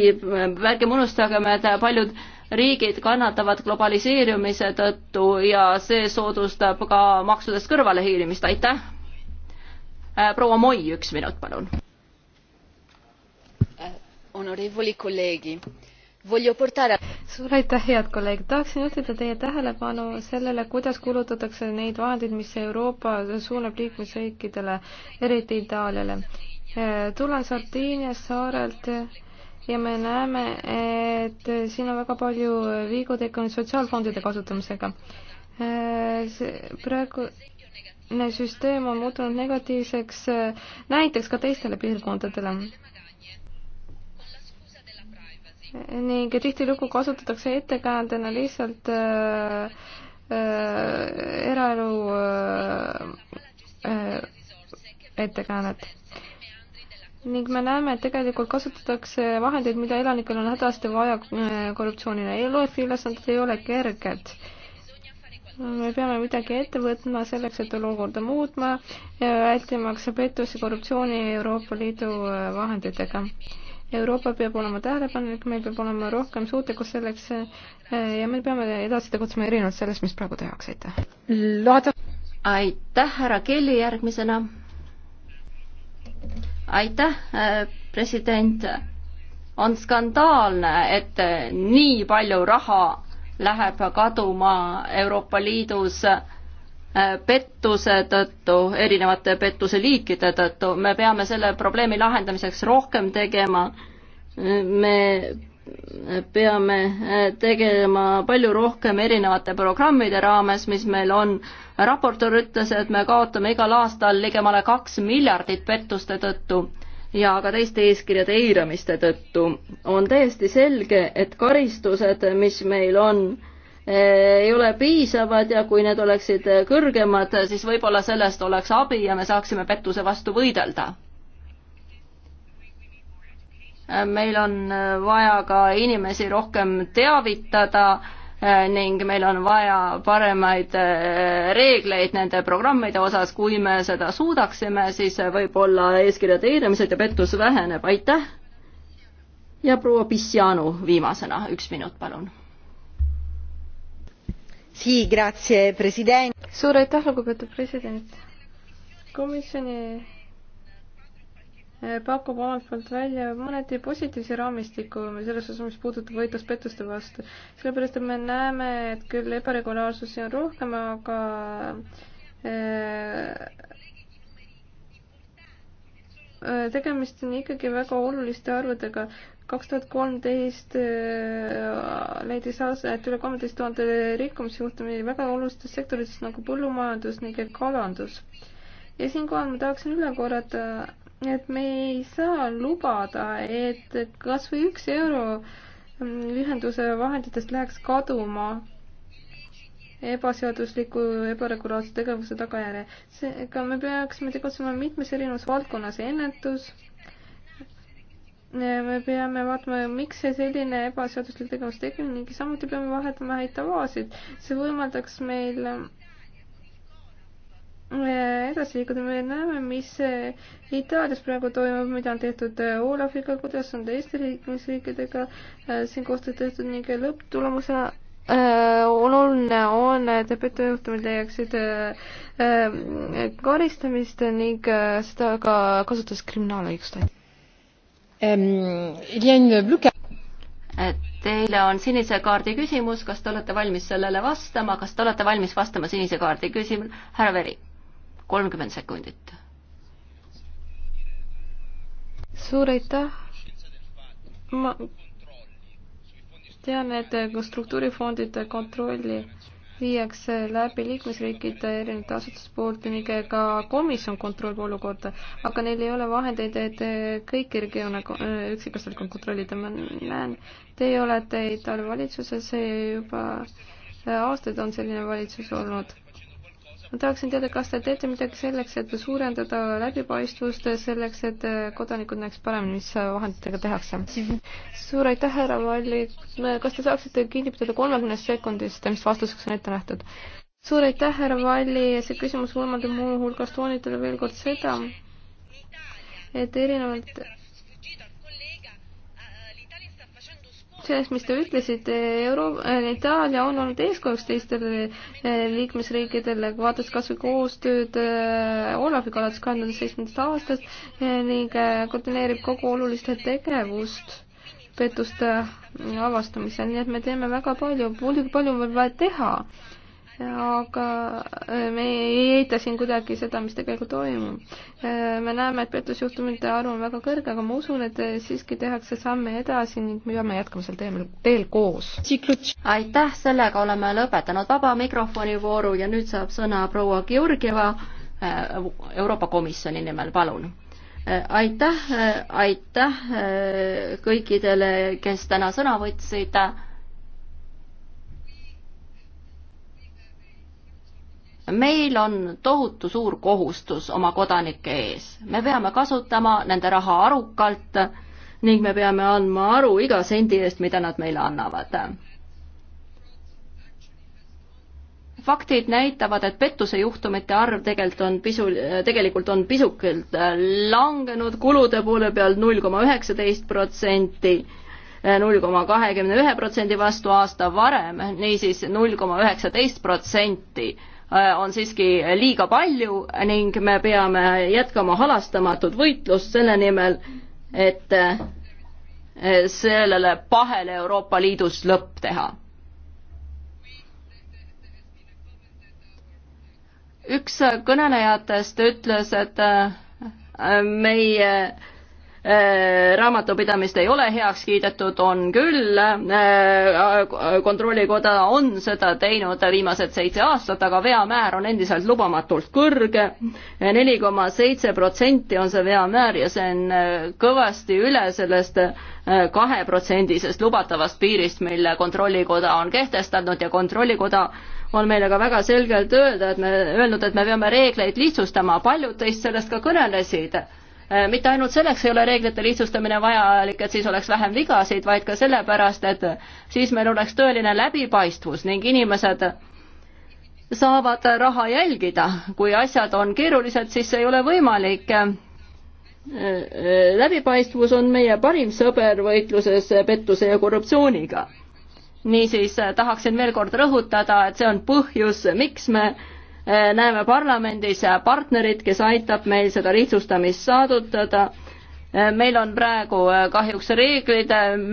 ärgem unustagem, et paljud riigid kannatavad globaliseerumise tõttu ja see soodustab ka maksudest kõrvalehiilimist, aitäh! Äh, proua Moi, üks minut, palun suur aitäh, head kolleegid, tahaksin juhtida teie tähelepanu sellele, kuidas kulutatakse neid vahendeid, mis Euroopa suunab liikmesriikidele, eriti Itaaliale. Eh, tulen Sardiiniast saarelt ja me näeme, et siin on väga palju viigu tekkinud sotsiaalfondide kasutamisega. Eh, praegu süsteem on muutunud negatiivseks eh, näiteks ka teistele piirkondadele ning tihtilugu kasutatakse ettekäändena lihtsalt äh, äh, eraelu äh, äh, ettekäänet. ning me näeme, et tegelikult kasutatakse vahendeid, mida elanikel on hädasti vaja äh, korruptsioonile. ELF-i ülesanded ei ole kerged me peame midagi ette võtma selleks, et olukorda muutma ja vältimaks pettusi korruptsiooni Euroopa Liidu äh, vahenditega. Euroopa peab olema tähelepanelik, meil peab olema rohkem suutlikkus selleks eh, ja me peame edasi tegutsema erinevalt sellest, mis praegu tehakse, aitäh. aitäh, härra Kelly järgmisena. aitäh, eh, president. on skandaalne, et eh, nii palju raha läheb kaduma Euroopa Liidus Äh, pettuse tõttu, erinevate pettuse liikide tõttu, me peame selle probleemi lahendamiseks rohkem tegema, me peame äh, tegema palju rohkem erinevate programmide raames, mis meil on. raportöör ütles, et me kaotame igal aastal ligemale kaks miljardit pettuste tõttu ja ka teiste eeskirjade eiramiste tõttu. on täiesti selge, et karistused, mis meil on, Eh, ei ole piisavad ja kui need oleksid eh, kõrgemad, eh, siis võib-olla sellest oleks abi ja me saaksime pettuse vastu võidelda. meil on vaja ka inimesi rohkem teavitada ning meil on vaja paremaid reegleid nende programmide osas, kui me seda suudaksime, siis võib-olla eeskirjade eiramised ja pettus väheneb, aitäh! ja proua Pissjanu viimasena, üks minut, palun suur aitäh, lugupeetud president. komisjoni eh, pakub omalt poolt välja mõneti positiivse raamistiku selles osas, mis puudutab võitlust pettuste vastu. sellepärast, et me näeme, et küll ebaregulaarsusi on rohkem, aga eh, tegemist on ikkagi väga oluliste arvudega kaks tuhat kolmteist äh, leidis aset üle kolmeteist tuhande rikkumisjuhtumi väga olulistes sektorites nagu põllumajandus ning kalandus. ja siinkohal ma tahaksin üle korrata, et me ei saa lubada, et kas või üks euro mm, ühenduse vahenditest läheks kaduma ebaseadusliku ebaregulaarse tegevuse tagajärjel. seega me peaksime tegutsema mitmes erinevas valdkonnas, ennetus me peame vaatama, miks see selline ebaseaduslik tegevus tekib ning samuti peame vahetama häid tavasid. see võimaldaks meil eh, edasi liikuda, me näeme, mis Itaalias praegu toimub, mida on tehtud eh, Olafiga, kuidas on teiste liikmesriikidega eh, siin koostööd tehtud ning lõpptulemuse oluline on, et pettujuhtumid leiaksid karistamist ning seda ka kasutas kriminaalõigust. Ehm, teile on sinise kaardi küsimus, kas te olete valmis sellele vastama, kas te olete valmis vastama sinise kaardi küsimusele? härra Veri, kolmkümmend sekundit. suur aitäh. ma tean, et struktuurifondide kontrolli äh, viiakse läbi liikmesriikide erinevate asutuste poolt ning ka komisjon kontrollib olukorda, aga neil ei ole vahendeid, et kõiki regioone üksikasjalikult kontrollida. ma näen, teie olete Itaalia valitsuses juba aastaid on selline valitsus olnud ma tahaksin teada, kas te teete midagi selleks, et suurendada läbipaistvust, selleks, et kodanikud näeks paremini, mis vahenditega tehakse. suur aitäh, härra Valli. kas te saaksite kinni pidada kolmekümnest sekundist, mis vastuseks on ette nähtud? suur aitäh, härra Valli. see küsimus võimaldab muuhulgas toonitada veel kord seda, et erinevalt sellest, mis te ütlesite, Euro-, äh, Itaalia on olnud eeskujuks teistele äh, liikmesriikidele, vaadates kas või koostööd äh, Olaviga alates kahe tuhande seitsmendast aastast ning koordineerib kogu olulist tegevust pettuste avastamisel, nii et me teeme väga palju, muidugi palju on veel vaja teha aga äh, me ei eita siin kuidagi seda, mis tegelikult toimub. Äh, me näeme, et pettusjuhtumite arv on väga kõrge, aga ma usun, et äh, siiski tehakse samme edasi ning me peame jätkama sel teemal teel koos. aitäh, sellega oleme lõpetanud vaba mikrofoni vooru ja nüüd saab sõna proua Georgieva Euroopa Komisjoni nimel, palun aitäh, aitäh kõikidele, kes täna sõna võtsid meil on tohutu suur kohustus oma kodanike ees. me peame kasutama nende raha arukalt ning me peame andma aru iga sendi eest, mida nad meile annavad. faktid näitavad, et pettusejuhtumite arv tegelikult on pisu, tegelikult on pisukelt äh, langenud kulude poole peal null koma üheksateist protsenti äh, null koma kahekümne ühe protsendi vastu aasta varem, niisiis null koma üheksateist protsenti Äh, on siiski liiga palju ning me peame jätkama halastamatut võitlust selle nimel, et äh, sellele pahele Euroopa Liidus lõpp teha. üks kõnelejatest ütles, et äh, meie Äh, raamatupidamist ei ole heaks kiidetud, on küll, äh, kontrollikoda on seda teinud viimased seitse aastat, aga veamäär on endiselt lubamatult kõrge, neli koma seitse protsenti on see veamäär ja see on äh, kõvasti üle sellest kaheprotsendisest lubatavast piirist, mille kontrollikoda on kehtestanud ja kontrollikoda on meile ka väga selgelt öelda, et me, öelnud, et me peame reegleid lihtsustama, paljud teist sellest ka kõnelesid Äh, mitte ainult selleks ei ole reeglite lihtsustamine vajalik, et siis oleks vähem vigasid, vaid ka sellepärast, et siis meil oleks tõeline läbipaistvus ning inimesed saavad raha jälgida. kui asjad on keerulised, siis see ei ole võimalik. Äh, äh, läbipaistvus on meie parim sõber võitluses pettuse ja korruptsiooniga niisiis tahaksin veel kord rõhutada, et see on põhjus, miks me Äh, näeme parlamendis partnerit, kes aitab meil seda lihtsustamist saadutada. Äh, meil on praegu äh, kahjuks reeglid,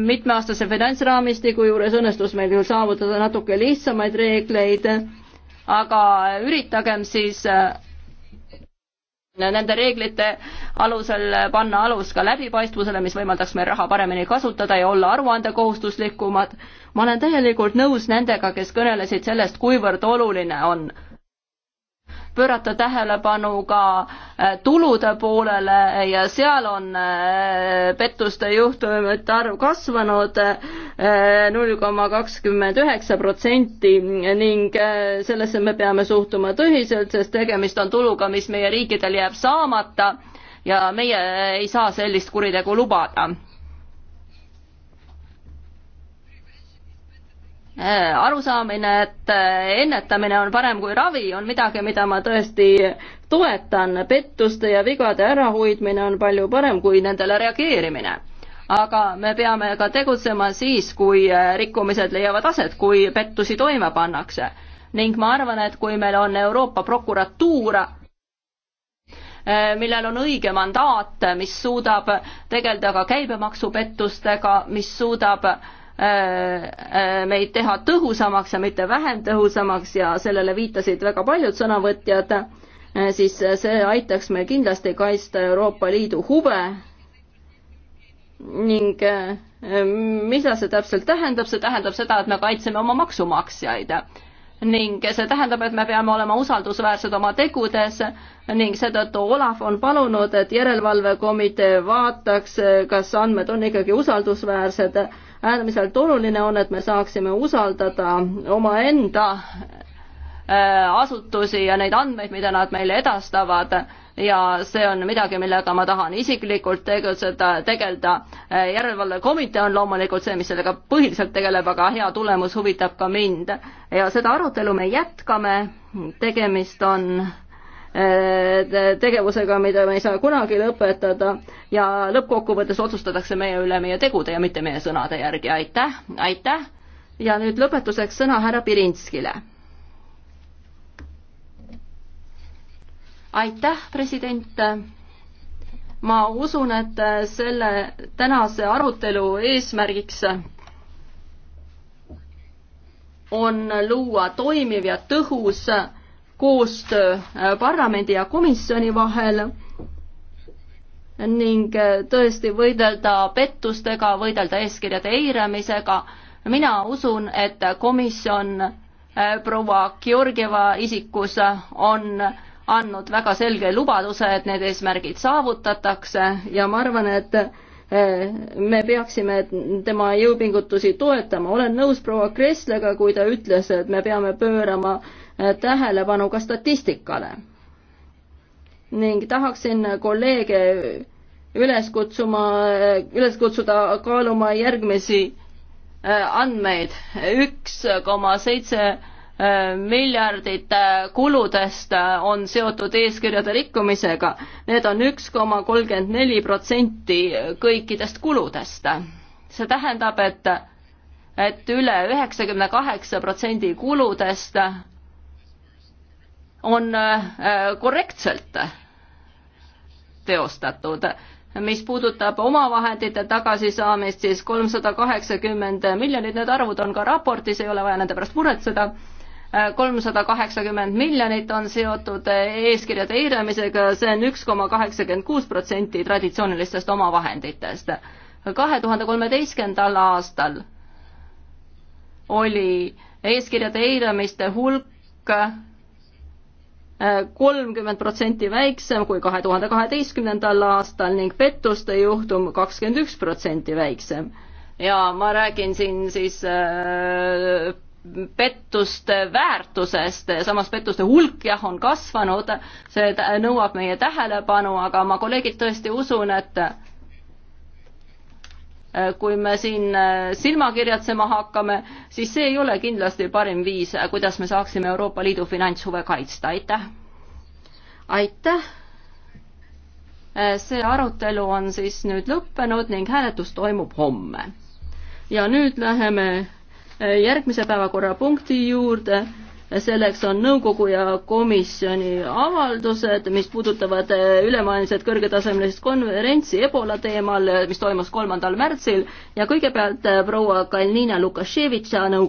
mitmeaastase finantsraamistiku juures õnnestus meil küll saavutada natuke lihtsamaid reegleid, aga üritagem siis nende reeglite alusel panna alus ka läbipaistvusele, mis võimaldaks meil raha paremini kasutada ja olla aruandekohustuslikumad. ma olen täielikult nõus nendega, kes kõnelesid sellest, kuivõrd oluline on pöörata tähelepanu ka äh, tulude poolele ja seal on äh, pettuste juhtumite arv kasvanud äh, null koma kakskümmend üheksa protsenti ning sellesse me peame suhtuma tõsiselt, sest tegemist on tuluga, mis meie riikidel jääb saamata ja meie ei saa sellist kuritegu lubada Äh, arusaamine, et äh, ennetamine on parem kui ravi, on midagi, mida ma tõesti toetan, pettuste ja vigade ärahoidmine on palju parem kui nendele reageerimine. aga me peame ka tegutsema siis, kui äh, rikkumised leiavad aset, kui pettusi toime pannakse. ning ma arvan, et kui meil on Euroopa prokuratuur, millel on õige mandaat, mis suudab tegeleda ka käibemaksupettustega, mis suudab äh, Äh, äh, meid teha tõhusamaks ja mitte vähem tõhusamaks ja sellele viitasid väga paljud sõnavõtjad, äh, siis see aitaks meil kindlasti kaitsta Euroopa Liidu huve ning mida see täpselt tähendab, see tähendab seda, et me kaitseme oma maksumaksjaid ning see tähendab, et me peame olema usaldusväärsed oma tegudes ning seetõttu Olav on palunud, et järelevalvekomitee vaataks, kas andmed on ikkagi usaldusväärsed äärmiselt oluline on, et me saaksime usaldada omaenda äh, asutusi ja neid andmeid, mida nad meile edastavad ja see on midagi, millega ma tahan isiklikult tegutseda, tegeleda. Äh, järelevalvekomitee on loomulikult see, mis sellega põhiliselt tegeleb, aga hea tulemus huvitab ka mind. ja seda arutelu me jätkame, tegemist on Äh, tegevusega, mida me ei saa kunagi lõpetada ja lõppkokkuvõttes otsustatakse meie üle meie tegude ja mitte meie sõnade järgi, aitäh, aitäh. ja nüüd lõpetuseks sõna härra Pirinskile. aitäh, president. ma usun, et selle tänase arutelu eesmärgiks on luua toimiv ja tõhus koostöö äh, parlamendi ja komisjoni vahel ning äh, tõesti võidelda pettustega, võidelda eeskirjade eiramisega. mina usun, et komisjon äh, proua Georgieva isikus on andnud väga selge lubaduse, et need eesmärgid saavutatakse ja ma arvan, et me peaksime tema jõupingutusi toetama. olen nõus proua Kresslega, kui ta ütles, et me peame pöörama Äh, tähelepanu ka statistikale. ning tahaksin kolleege üles kutsuma, üles kutsuda kaaluma järgmisi äh, andmeid. üks koma seitse äh, miljardit kuludest on seotud eeskirjade rikkumisega. Need on üks koma kolmkümmend neli protsenti kõikidest kuludest. see tähendab, et, et üle üheksakümne kaheksa protsendi kuludest on äh, korrektselt teostatud. mis puudutab omavahendite tagasisaamist, siis kolmsada kaheksakümmend miljonit, need arvud on ka raportis, ei ole vaja nende pärast muretseda äh, kolmsada kaheksakümmend miljonit on seotud eeskirjade eiramisega, see on üks koma kaheksakümmend kuus protsenti traditsioonilistest omavahenditest. kahe tuhande kolmeteistkümnendal aastal oli eeskirjade eiramiste hulk kolmkümmend protsenti väiksem kui kahe tuhande kaheteistkümnendal aastal ning pettuste juhtum kakskümmend üks protsenti väiksem. ja ma räägin siin siis äh, pettuste väärtusest, samas pettuste hulk jah, on kasvanud, see nõuab meie tähelepanu, aga ma kolleegid tõesti usun, et Äh, kui me siin äh, silmakirjatsema hakkame, siis see ei ole kindlasti parim viis, äh, kuidas me saaksime Euroopa Liidu finantshuve kaitsta, aitäh! aitäh! see arutelu on siis nüüd lõppenud ning hääletus toimub homme. ja nüüd läheme järgmise päevakorrapunkti juurde selleks on nõukogu ja komisjoni avaldused, mis puudutavad eh, ülemaailmset kõrgetasemelist konverentsi Ebola teemal, eh, mis toimus kolmandal märtsil ja kõigepealt eh, proua Kalnina Lukaševitša nõu-.